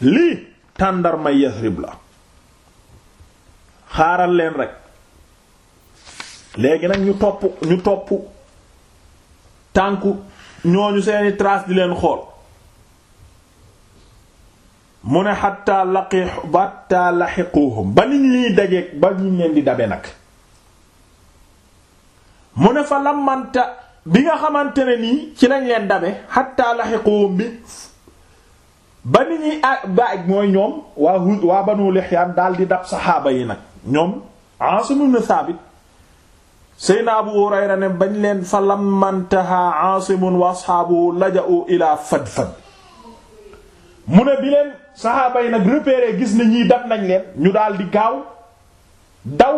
lii tàndarmay Yasrib la xaaral leen rek léegi nag ñu topp ñu topp tànku ñooñu seeni trace di leen xool mu ne xatta laqi ba niñ liy dajeeg ba niñ leen di dabe nag mu ne fa lamanta bi nga xamante ne nii ci lañ leen dabe xatta laxiquhum bi ba ni ñuy a ba mooy ñoom waa hu waa banu lixyaan daal dab saxaaba yi nag ñoom Aasim ibn Saabit Seydina Abu Hurayra ne bañ leen fa lamantaha Aasim wa asxaabuhu laja'u ila Fadfad mu ne bi leen saxaaba yi nag repéré gis ne ñiy dab nañ leen ñu daal gaaw daw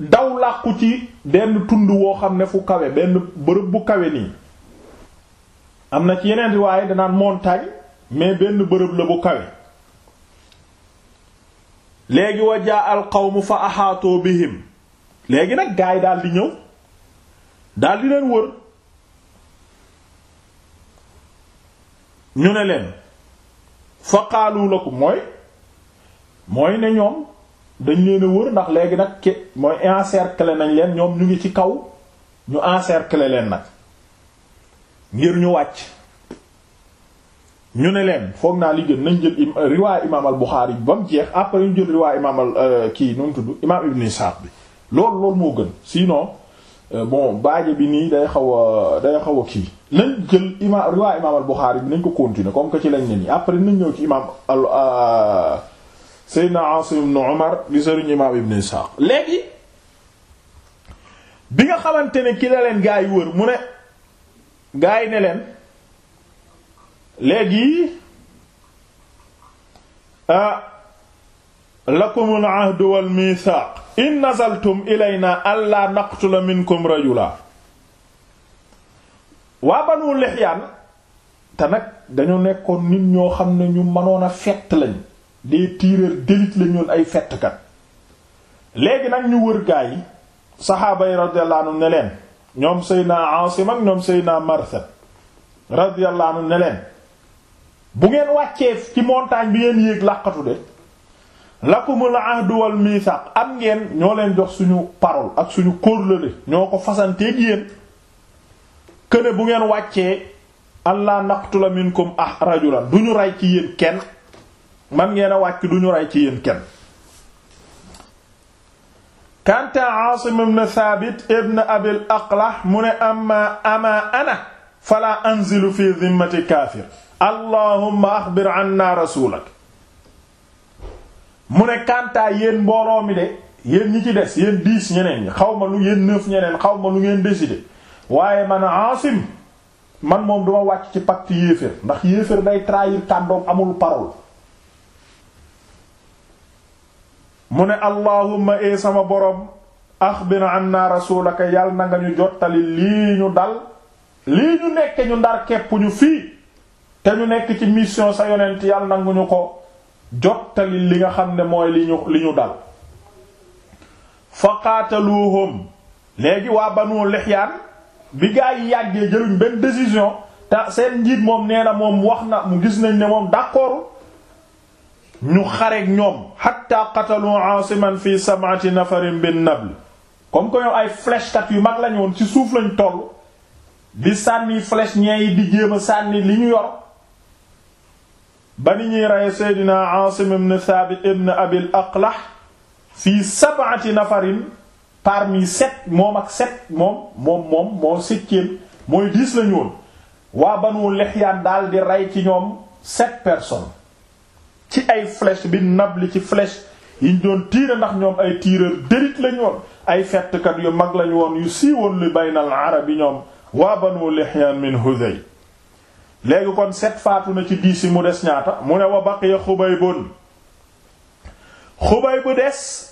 daw làqu ci benn tund woo xam ne fu kawe benn bërëb bu kawe nii am na ci yeneen riwaaye danaan montagne mais benn bërëb la bu kawe léegi wa jaa al fa ahaatoo bihim léegi nag gaay daal di ñëw daal di leen wër ñu ne leen fa qaalu lakum mooy mooy ne ñoom dañ leen wër ndax léegi nag ke mooy encercler nañ leen ñoom ñu ngi ci kaw ñu encercler leen nag ngir ñu wàcc ñu ne leen foog naa li gën nañ jël riwaay imaam al Buxaari ba mu jeex après ñu jël riwaay imaam al euh, kii nu mu tudd imaam Ibn Isaaq bi loolu loolu moo gën sinon euh, bon baaje bi nii day xaw a day xaw a kii nañ jël imaam riwaay imaam al Buxaari bi nañ ko continuer comme que ci lañ ne nii après nañ ñëw ci imaam al euh, Seydina Asim ibn Umar di sëriñ imaam Ibn Isaaq léegi bi nga xamante ne ki la leen gaa yi wër mu ne. gaay yi ne leen léegi ah lakumul ahdu wal misaaq in nazaltum ilayna alla naqtula minkum rajula waa banu lixyaan te nag dañu nekkoon nit ñoo xam ne ñu mënoon a fett lañ des tireurs d'élite la ay fettkat léegi nag ñu wër gaa yi saxaaba yi radiyallahu anhum ñoom Seydina Asim ak ñoom Seydina Marsad radiyallahu anhu ne bu ngeen wàccee ci montagne bi ngeen yéeg làqatu de lakumul ahdu wal mithaq am ngeen ñoo leen jox suñu parole ak suñu kóorlale ñoo ko fasanteeg yéen këne bu ngeen wàccee allah naqtula minkum ah rajulan du ñu rey ci yéen kenn man ngeen a wàcc du ñu rey ci yéen kenn kanta Aasim ibn Thabit ibn Abil Aqlah mu ne amma ama ana fala anzilu fi dhimmati kaafir allahumma axbir anna rasulak mu ne kanta yéen mbooloo mi de yéen ñi ci des yéen dix ñeneen ñi xaw ma lu yéen neuf ñeneen xaw ma lu ngeen décider waaye man Aasim man moom duma wàcc ci pacte yéeféer ndax yéeféer day trahir kàddoom amul parole mu ne allahumma ee eh sama borom axbir anna rasulaka yàlla na nga ñu jottali lii ñu dal lii ñu nekk ñu ndar kepp fii te ñu nekk ci mission sa yonent yàlla nangu ñu ko jottali li nga xam ne mooy li ñu li ñu dal fa qaataluuhum léegi waa banu lixyaan bi gaa yi yàggee jëluñ benn décision te seen njiit moom nee na moom wax na mu gis nañ ne moom d'accord ñu xareek ñoom hatta qatalu Aasiman fii sab'ati nafarin bin nabl comme que yow ay flèche kat yu mag lañu woon ci suuf lañ toll di sànni flèche ñeeyi di jéem a sànni li ñu yor ba ni ñuy reye Seydina Aasim ibn Thabit ibn Abil Aqlah fii sab'ati nafarin parmi sept moom ak sept moom moom moom moo septième mooy dix lañu woon waa Banu Lihyaan daal di rey ci ñoom sept personnes ci ay flèche bi nabli ci flèche yiñ doon tiire ndax ñoom ay tireur d'élite lañ woon ay fettkat yu mag lañ woon yu siiwoon li baynal arab yi ñoom waa banu lihyan min hudhay léegi kon set faatu na ci diis yi mu des ñaata mu ne wa baqiya xubaybun xubay bu des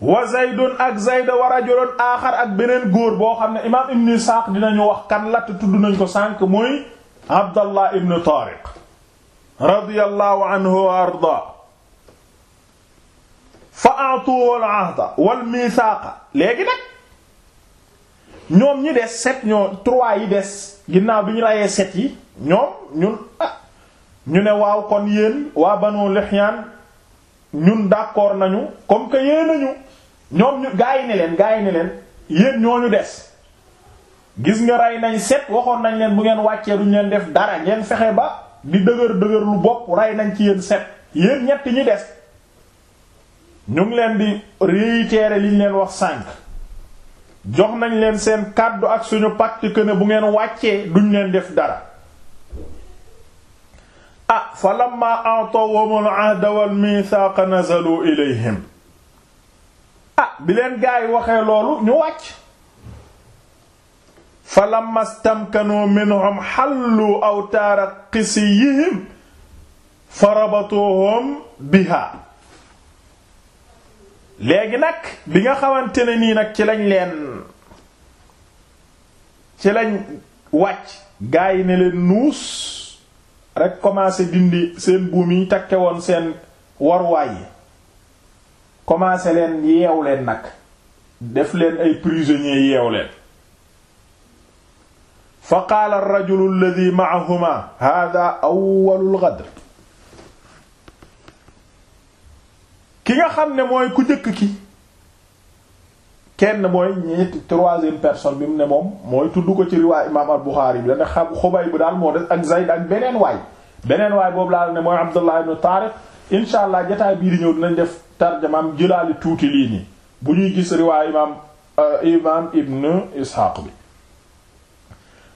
wa zaydun ak zayda wa rajulun aaxar ak beneen góor boo xam ne imaam ibn Isaaq dinañu wax kan latt tudd nañ ko sànq mooy abdallah ibn taariq radiyallahu anhu wa ardaa fa a'tuhu al-ahda wal misaaqa léegi nag ñoom ñi des sept ñoo trois yi des ginnaaw bi ñu rayee sept yi ñoom ñun ah ñu ne waaw kon yéen waa Banu Lihyaan ñun d'accord nañu comme que yéen nañu ñoom ñu gaa yi leen gaa yi ne leen yéen ñooñu des gis nga rey nañ set waxoon nañ leen bu ngeen wàccee duñu leen def dara ngeen fexe ba di dëgër dëgër lu bopp rey nañ ci yéen set yéen ñett ñi des ñu ngi leen di réitérer liñ leen wax sànq jox nañ leen seen kàddu ak suñu pacte bu ngeen wàccee duñ leen def dara a ah, fa lamma atawhumul ahda wal mithaqa nazalu ilayhim ah bi leen gaay waxee loolu ñu wàcc fa lamma stamkanuu minhum xalluu awtaara qisiyihim fa rabatuhum biha léegi nag bi nga xamante ne nii nag ci lañ leen ci lañ wàcc gaa yi ne leen nuus rek commencé dindi seen buum yi takke woon seen warwaay yi commencé leen yeew leen nag def leen ay prisonniers yeew leen fa qaala ar-rajulu alladhi ma'ahuma hada awwalul ghadr ki nga xam ne mooy ku jëkk ki kenn mooy ñetti troisième personne bi mu ne moom mooy tudd ko ci riwaay imaam al-Bukhari bi dana xam xubay bu daal moo des ak Zayd ak beneen waay beneen waay boobu laal ne mooy Abdullah ibn Tariq insha allah jotaay bii di ñëw dinañ def tarjamaam jëlaali tuuti lii bu ñuy gis riwaay imaam euh, imaam ibn Ishaq bi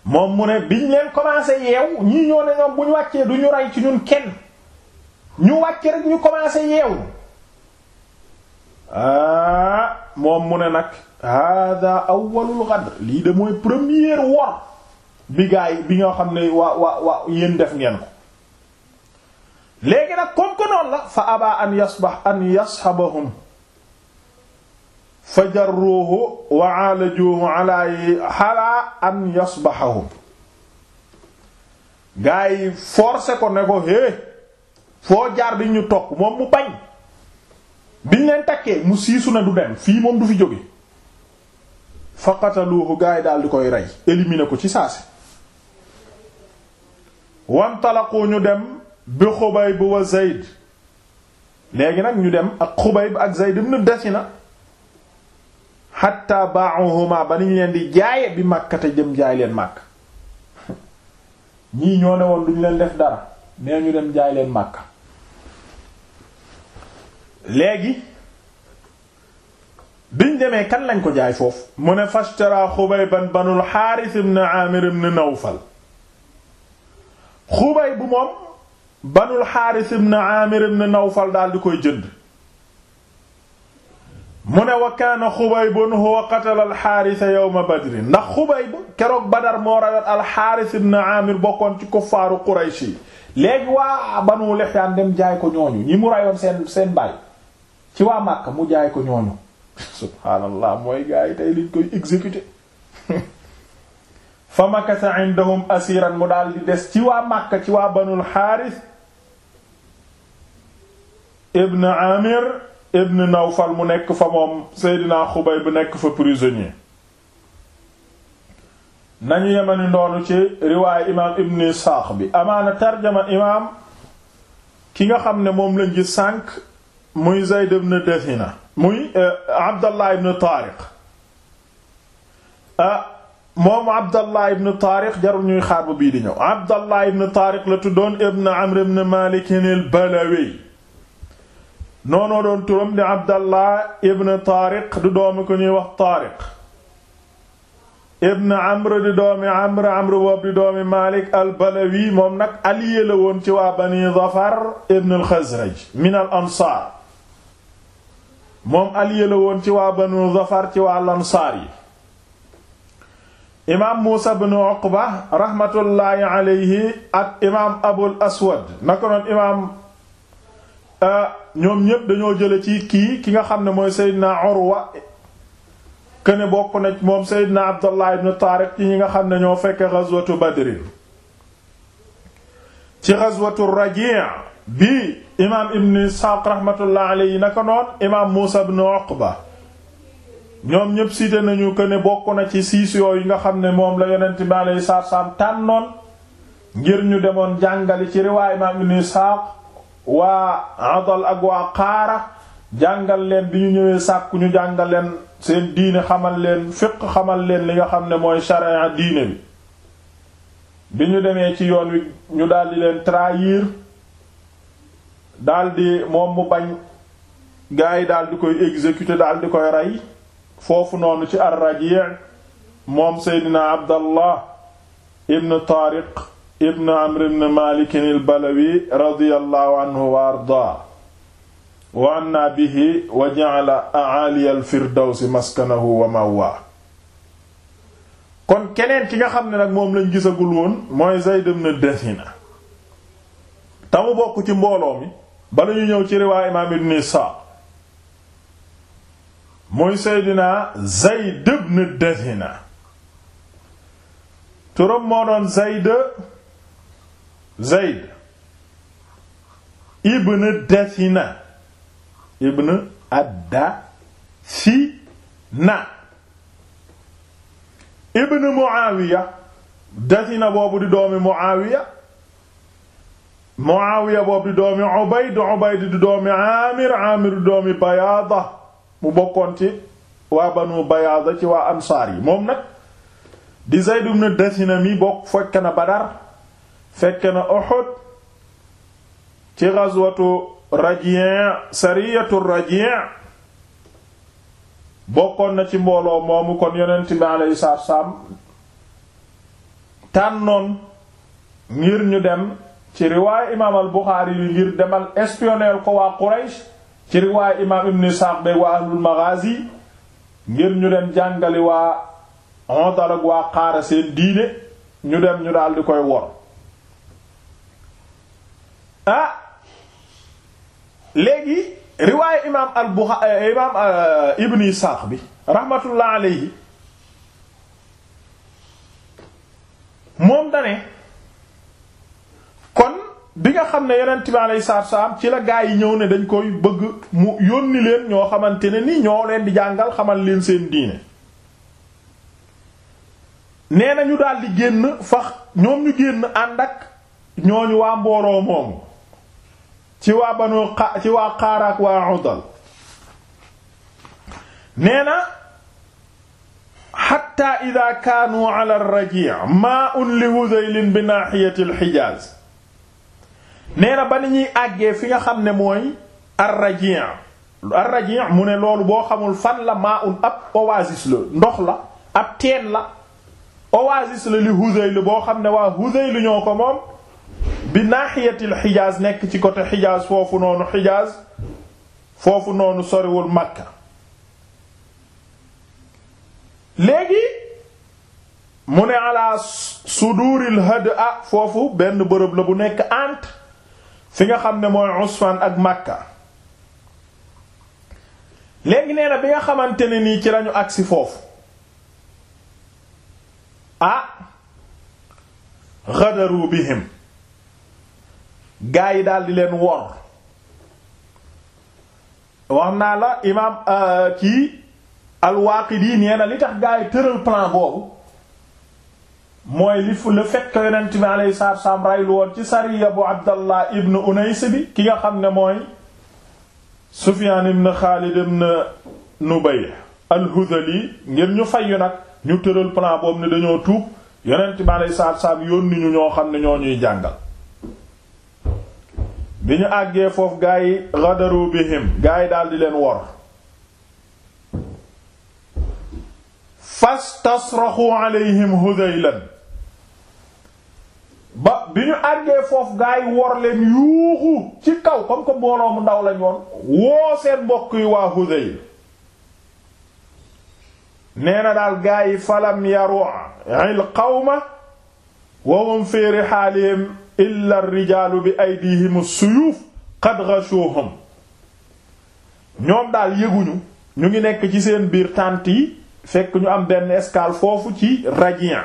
moom mu ne biñ leen commencé yeew ñii ñoo ne ñoom bu wàccee du ñu rey ci ñun kenn ñu wàcc rek ñu commencé yeew ah moom mu ne nag hada awwalul ghadr lii de mooy première wor bi gaay bi nga xam ne wa waa waa yéen def ngeen ko léegi nag comme que noonu la fa aba an yasbah an yashabahum fa jarruuhu wa aalajuuhu alaa an yasbaxahum gaa yi forcé ko ne ko hé foo jaar di ñu topp moom mu bañ biñ leen takkee mu siisu na du dem fii moom du fi jóge fa qataluuhu gaa yi daal di koy rey éliminer ko ci saasi wantalaqu ñu dem bi Xubayb wa Zayd léegi nag ñu dem ak bi ak Zayd ibn na xatta ba'uhuma ba niñ leen di jaay bi màkkate jëm jaay leen màkk ñii ñoo ne woon duñ leen def dara nee ñu dem jaay leen màkk léegi biñ demee kan lañ ko jaay foofu mu ne fashtara xubayban banul xaaris ibn amir ibn nawfal xubay bu moom banul xaaris ibn amir ibn nawfal daal di koy jënd mu ne wa kaana xubaybun huwa qatala alxaarisa yowma badrin ndax xubayb keroog badar moo rayoon alxaaris ibn amir bokkoon ci kuffaaru quraysh yi léegi waa banu lexyaan dem jaay ko ñooñu ñi mu rayoon seen seen baay ci waa màkk mu jaay ko ñooñu subhaanallah mooy gaa yi tey liñ koy exécuté fa makasa indahum asiran mu daal di des ci waa màkk ci waa banul xaaris ibn amir ibn Nawfal mu nekk fa moom Seydina Xubay bu nekk fa prisonnier nañu yemani noonu ci riwaaye imaam ibn Isxaaq bi amaana tarjama imaam ki nga xam ne moom lañ gi sànq muy Zayd ibn Dathina muy eh, Abdallah ibn Taariq ah, moom Abdallah ibn Taariq jarul ñuy xaar bu bii di ñëw Abdallah ibn Taariq la tuddoon ibn Amr ibn Maalik al-Balawi noonoo doon turam di abdallah ibn taariq di doomi ku ñuy wax taariq ibn amr di doomi amr amr boobu di doomi malik al balawi moom nag allié woon ci waa bani zafar ibn al min al ansaar moom allié woon ci wa banu zafar ci waa al imaam muusa ibn uqba raxmatullaahi alayhi ak imaam abul aswad naka noon imaam Euh, ñoom ñépp dañoo jële ci kii ki nga xam ne mooy naa Urwa këne bokk na moom Seydina Abdallah ibn Tariq ci ñi nga xam ne ñoo fekke ghazwatu Badr ci ghazwatu Raji' bi imaam Ibn Isxaaq rahmatullah alayhi naka noon imaam Muusa ibn Uqba ñoom ñépp cité nañu këne bokk na ci siis yooyu nga xam ne moom la yonent bi alayhi salaam tànnoon ngir ñu demoon jàngali ci riwaay imaam Ibn Isxaaq waa adal ak waa xaara jàngal leen bi ñu ñëwee sàkku ñu jàngal leen seen diine xamal leen fiq xamal leen li nga xam ne mooy sharia diine bi ñu demee ci yoon wi ñu daldi leen trahir daldi moom mu bañ gaa yi daldi koy exécuter daldi koy rey foofu noonu ci ar-Raji' moom Seydina Abdallah ibn Tariq ibn amr ibn malik al-balawi radiyallahu anhu wa ardaa wa anna bihi wa ja'ala a'ali al-firdawsi maskanahu wa mawwa kon keneen ki nga xam ne nag moom lañ gisagul woon mooy zayd ibn dathina te ci mbooloo mi bala ñu ñëw ci riwaay imaam ibn moo doon zayd Zayd ibn Dasina ibn Ad-Dasina ibn Muawiya Dasina boobu di doomi Muawiya Muawiya boobu di doomi Ubayd Ubayd di doomi Amir Amir di doomi Bayaada mu bokkoon ci waa Banu Bayaada ci waa Ansaar yi moom nag di Zayd ibn Dasina mi bokk fekk na Badar fekke na Uhud ci ghazwatu Raji' sariyatu Raji' bokkoon na ci mbooloo moomu kon yonent bi alayhi salaatu wassalaam tànnoon ngir ñu dem ci riwaay imaam Buxaari ngir demal espionnel ko waa Quraysh ci riwaay imaam Ibn Sa'd bay waa ahlul Maghazi ngir ñu dem jàngali waa Ondar waa Qaara seen diine ñu dem ñu daal di koy wor Ah. léegi riwaaye imaam al Buxaari eh, imaam eh, Ibn Isaaq bi rahmatullah alayhi moom dane kon bi nga xam ne yonent bi alayhi salaatu salaam ci la gaa yi ñëw ne dañ koy bëgg mu yónni leen ñoo xamante ne ni ñoo leen di jàngal xamal leen seen diine nee na ñu daal di génn fax ñoom ñu génn ànd ak ñooñu waa mbooloo moomu ci waa banu ci waa Qaara ak waa Udal kaanu ala ar-raji' ma'un li Hudayl bi nahiyati al-Hijaz nee na ba ni àggee fi nga xam ne mooy ar-raji' ar-raji' mu ne loolu boo xamul fan la ma'un ab oasis la ndox la ab teen la oasis la li Hudayl boo xam ne waa Hudayl ñoo ko moom bi naaxiyatil xijaas nekk ci côté xijaaz foofu noonu xijaaz foofu noonu soriwul Makka léegi mu ne ala suduuril hëdd ah foofu benn bërëb la bu nekk ant fi nga xam ne mooy Usfan ak Makka léegi nee bi nga xamante ne nii ci lañu agsi foofu a ah, ghadaru bihim gaa yi daal di leen wor wax naa la imaam euh, kii al-Waaqidi li tax gaa yi tëral plan boobu mooy li fu le fait que yonent bi alayhi salaatu wassalaam raylu woon ci sariya bu Abdallah ibn Unays bi ki nga xam ne mooy Sufyaan ibn Xaalid ibn Nubay al-Hudhali ngir ñu fayyu nag ñu tëral plan boobu ne dañoo tuub yonent bi alayhi salaatu wassalaam yónni ñoo xam ne ñoo ñuy jàngal bi ñu àggee foofu gaa yi ghadaru bihim gaa daldi leen wor fastasraxu alayhim hudaylan ba bi ñu àggee foofu gaa yi wor leen yuuxu ci kaw comme que mbooloo mu ndaw lañ woo seen mbokk yi waa hudayl nee na daal gaa falam yaru il qawma wa hum fi rihaalihim illa rijaalu bi ay aydihim suyuuf qad ghashuhum ñoom daal yëguñu ñu ngi nekk ci seen biir tànt yi fekk ñu am benn escale foofu ci Radian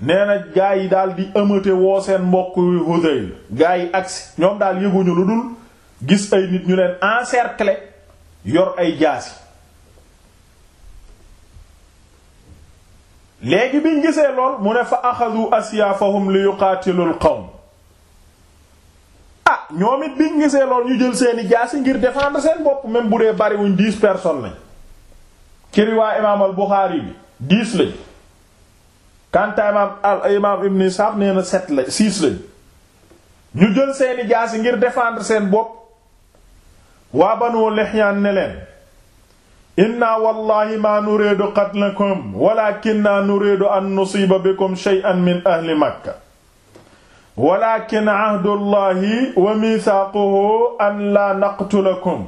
nee na gaa yi daal di ëmmate woo seen mbokk yu gaa yi agsi ñoom daal yëguñu lu dul gis ay nit ñu leen encercler yor ay jaasi léegi biñ gisee lool mu ne fa axadu asyaafahum li yuqaatilul qawm ah ñoom it biñ gisee lool ñu jël seeni jaasi ngir défendre seen bopp même bu dee bariwuñ dix personnes lañ ci riwaa imaam Buxaari bi dix lañ kanta imaam al imaam ibn Isaaq nee lañ ñu jël seeni jaasi ngir défendre seen bopp waa Banu Lihyaan ne leen inna wallahi ma nuridu qatlakum walakinna nuridu an nusiba bikum shay'an min ahli makka walakin ahdullahi wa mithaquhu an naqtulakum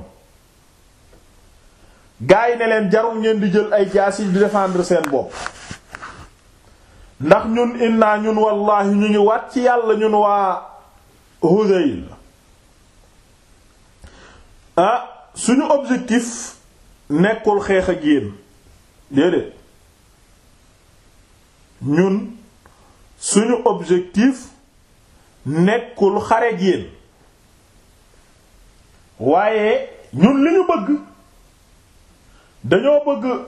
gaa yi ne leen jarul ngeen di jël ay jaasi di défendre seen bopp ndax ñun inna ñun wallahi ñu ngi wat ci yàlla ñun waa Hudayl ah suñu objectif nekkul xeex ak yéen déedéet ñun suñu objectif nekkul xare ak waaye ñun li ñu bëgg dañoo bëgg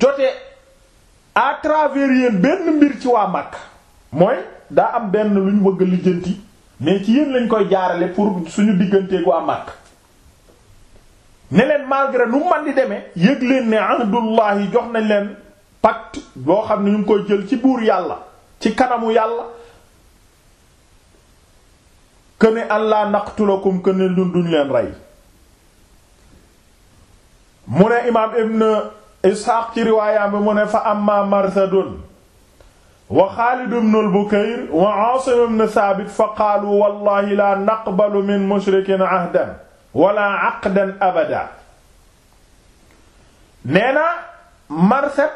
jote à travers yéen benn mbir ci waa Makka mooy daa am benn lu ñu bëgg lijjanti mais ci yéen lañ koy jaarale pour suñu digganteeg waa Makka ne leen malgré nu man di demee leen ni ahdullahi jox nañ leen pacte boo xam ne ñu ngi koy jël ci buur yàlla ci kanamu yàlla këne allah ndax këne du duñ leen rey mu ne imaam ibn isxaaq ci riwaayaam bi mu ne fa amma marsadun wa xaalid ibn al-bukayr wa aasim ibn thaabit fa qaalu wallahi la naqbalu min mushrikin ahdan wala aqdan abada nee na marset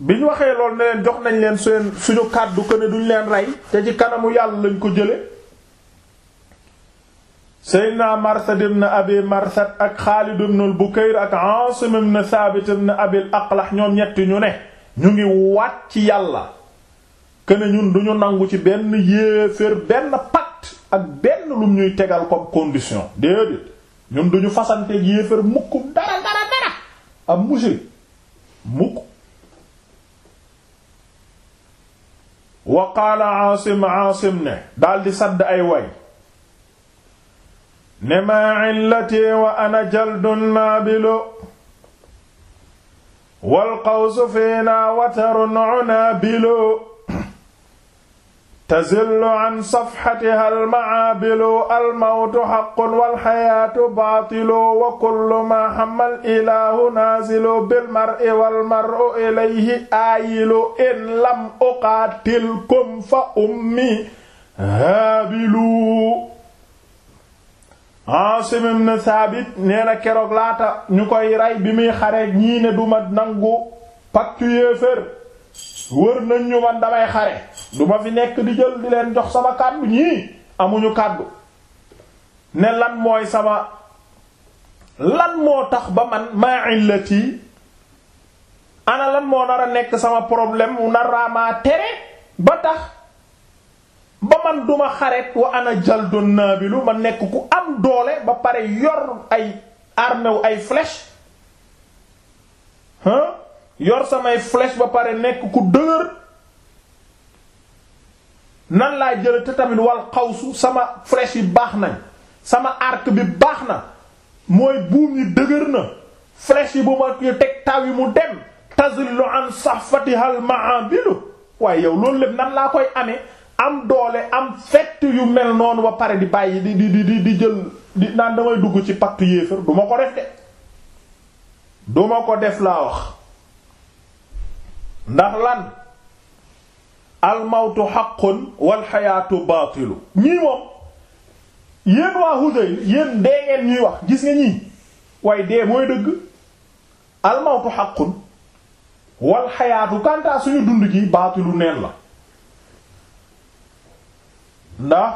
bi ñu waxee lool ne leen jox nañ leen seen suñu kàddu ko ne duñ leen rey te ci kanamu yàlla lañ ko jële seydna marsad ibn abi marsad ak xaalid ibn al bukayr ak asim ibn thabit ibn abil aqlah ñoom ñetti ñu ne ñu ngi waat ci yàlla kene ñun duñu nangu ci benn yéeféer benn pak ak benn lum ñuy tegal comme condition déedéet ñun duñu fasante yéefar mukk dara dara dara am mushrik mukk wa qaala Aasim Aasim ne daldi sadd ay way ne maa illati wa ana jaldun naabilu wal qawsu fiinaa watarun unaabilu tazillu an safhatiha almaabilu almawtu haqqun walxayaatu baatilu wa kullu ma hammal ilaahu naazilu bilmar'i walmar'u ilayhi aayilu in lam uqaatilkum fa ummi haabilu Aasim ibn Saabit nee na keroog laata ñu koy rey bi muy xare ñii ne duma nangu paccu yéeféer wër nañ man damay xare du fi nekk di jël di leen jox sama kàddu ñii amuñu kàddu ne lan mooy sama lan moo tax ba man maa illati ana lan moo nar a nekk sama problème mu naraa tere ba tax ba man duma xaret wa ana jaldun naabilu ma nekk ku am doole ba pare yor ay arme ay flèche hein yor samay flèche ba pare nekk ku dëgër nan laa jële te tamit wal xawsu sama flèche yi baax nañ sama arc bi baax na mooy buum yi dëgër na flèche yi bu ma teg taw yi mu dem tazillu an sahfatihal ma'abilu waaye yow loolu lépp nan laa koy amee am doole am fett yu mel noonu ba pare di bàyyi di di di jël di naan damay dugg ci pacte yéefar du ma ko def de du ko def laa wax ndax lan almawtu haqqun wal hayaatu baatilu ñii moom yéen waa Hudayl yéen dee ngeen ñuy wax gis nga ñii waaye dee mooy dëgg almawtu haqqun wal hayaatu kantaa suñu dund gi baatilu neen la ndax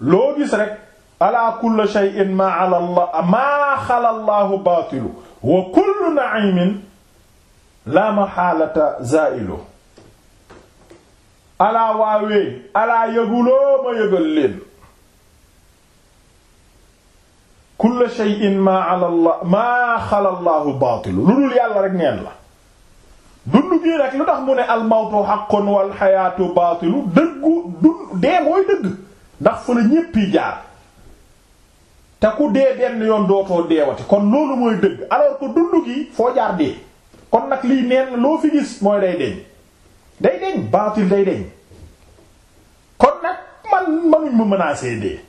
loo gis rek ala kulli shay'in ma ala Allah ma xala Allahu baatilu wa kullu na'imin la mahalata za'ilu alaa waawee alaa yëguloo ma yëgal leen kulla shay'in maa ala maa xala llaahu baatilu lu dul yàlla rek neen la dund gii rek lu tax mu ne almawtu haqqun wal xayaatu baatilu dëggu dund dee mooy dëgg ndax fa la ñéppi jaar te ku dee benn yoon dootoo deewati kon loolu mooy dëgg alors que dund gi foo jaar dee kon nag lii neen loo fi gis mooy day deñ day deñ baatil day deñ kon nag man manuñ ma menacé dee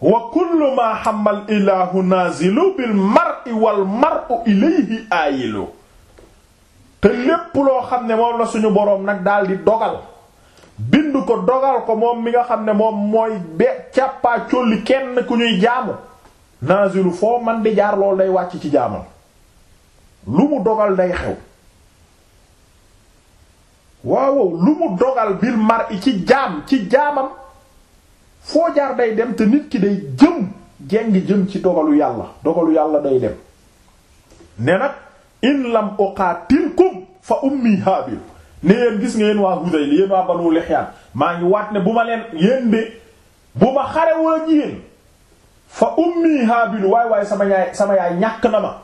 wa kullu ma xamal ilahu nazilu bil mar'i wal mar'u ilayhi aayilu te lépp loo xam ne moom la suñu boroom nag daal di dogal bind ko dogal ko moom mi nga xam ne moom mooy be càppaa cólli kenn ku ñuy jaamu nazilu foo man di jaar loolu day wàcc ci jaamam lu mu dogal day xew waaw lu mu dogal bil mar i ci jaam ci jaamam foo jaar day dem te nit ki day jëm jéng jëm ci dogalu yàlla dogalu yàlla day dem ne nag in lam uqaatilkum fa ummi haabil ne yéen gis nga yéen waa Hudayl yéen waa Banu Lihyaan maa ngi waat ne bu ma leen yéen de bu ma xare waa yéen fa ummi haabil waay waay sama yaay ñàkk na ma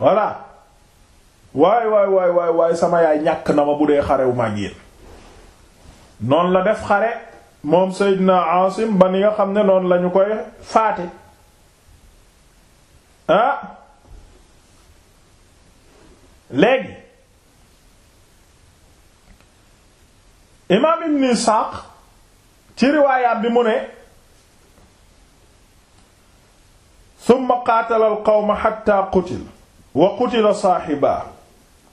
voilà waay waay waay waay waay sama yaay ñàkk na ma bu dee xarewu mag yéen noonu la def xare moom Seydina Asim ba ni nga xam ne noonu lañu koy faate ah. léegi imaam Ibn Isaaq ci riwaayaat bi mu ne summa qaatala al qawma xatta qutil wa qutila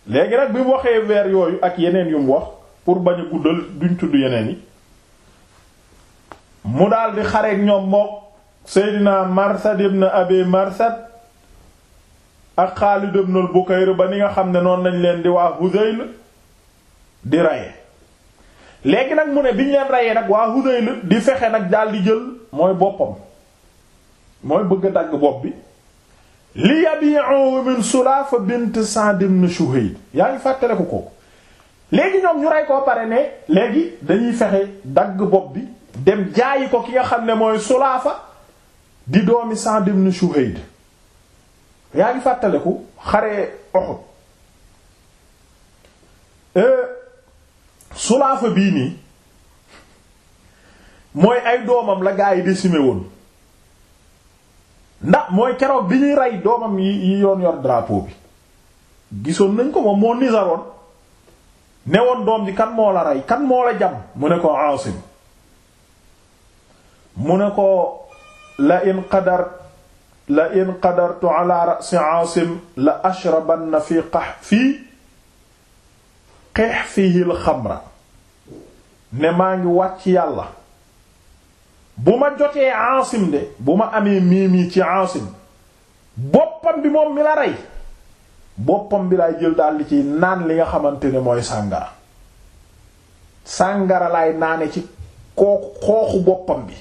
léegi nag bi mu waxee weer yooyu ak yeneen yu mu wax pour bañ a guddal duñ tudd yeneen yi mu daal di xareek ñoom mook Seydina Marsad ibn Abi Marsad ak Xaalid ibn al-Bukayr ba ni nga xam ne noonu nañ leen di waa Hudayl di reye léegi nag mu ne biñ leen reyee nag waa Hudayl di fexe nag daal jël mooy boppam mooy bëgg a dagg bopp bi li yabi'u min Sulaafa bint Sa'd ibn Shuhayd yaa ngi fàttaleku ko léegi ñoom ñu rey koo pare ne léegi dañuy fexe dagg bopp bi dem jaayi ko ki nga xam ne mooy Sulaafa di doomi Sa'd ibn Shuhayd yaa ngi fàttaleku xare Uhud e, Sulaafa bii nii mooy ay doomam la gaa bi décimé woon ndax mooy keroog bi ñuy rey doomam yi yi yoon drapo bi gisoon nañ ko moom moo nisaroon ne woon doom ji kan moo la rey kan moo la jam mu ne ko Aasim mu ne ko la in qadar la in qadartu ala ra'si Aasim la na fi qahfi qihfihi al-khamra ne maa ngi wàcc yàlla bu ma jotee Aasim de bu ma amee miimii ci Aasim boppam bi moom mi la rey boppam bi laay jël daal di ci naan li nga xamante ne mooy sàngara sàngara laay naane ci kooku xooxu boppam bi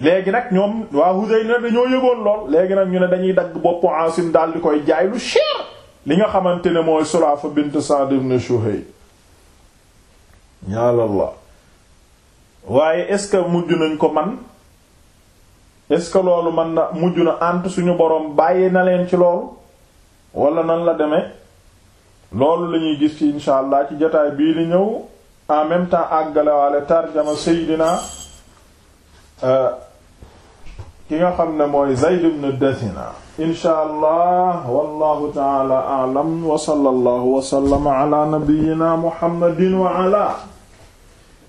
léegi nag ñoom waa Hudayna dañoo yëgoon lool léegi nag ñu ne dañuy dagg boppu Aasim daal di koy jaay lu cher li nga xamante ne mooy Sulaafa bint Sa'd ibn Shuhay ya Allah waaye est-ce que mujj nañ ko man est-ce que loolu man na mujj na ànt suñu boroom bàyyi na leen ci loolu wala nan la demee loolu lañuy gis ci insha allah ci jotaay bii li ñëw en même temps àggalewaale tarjama Seydina euh, ki nga xam ne mooy Zayd ibn Dathina insha allah wallahu taala a'lam wa sallallahu wa sallama ala nabiyyina muhammadin wa ala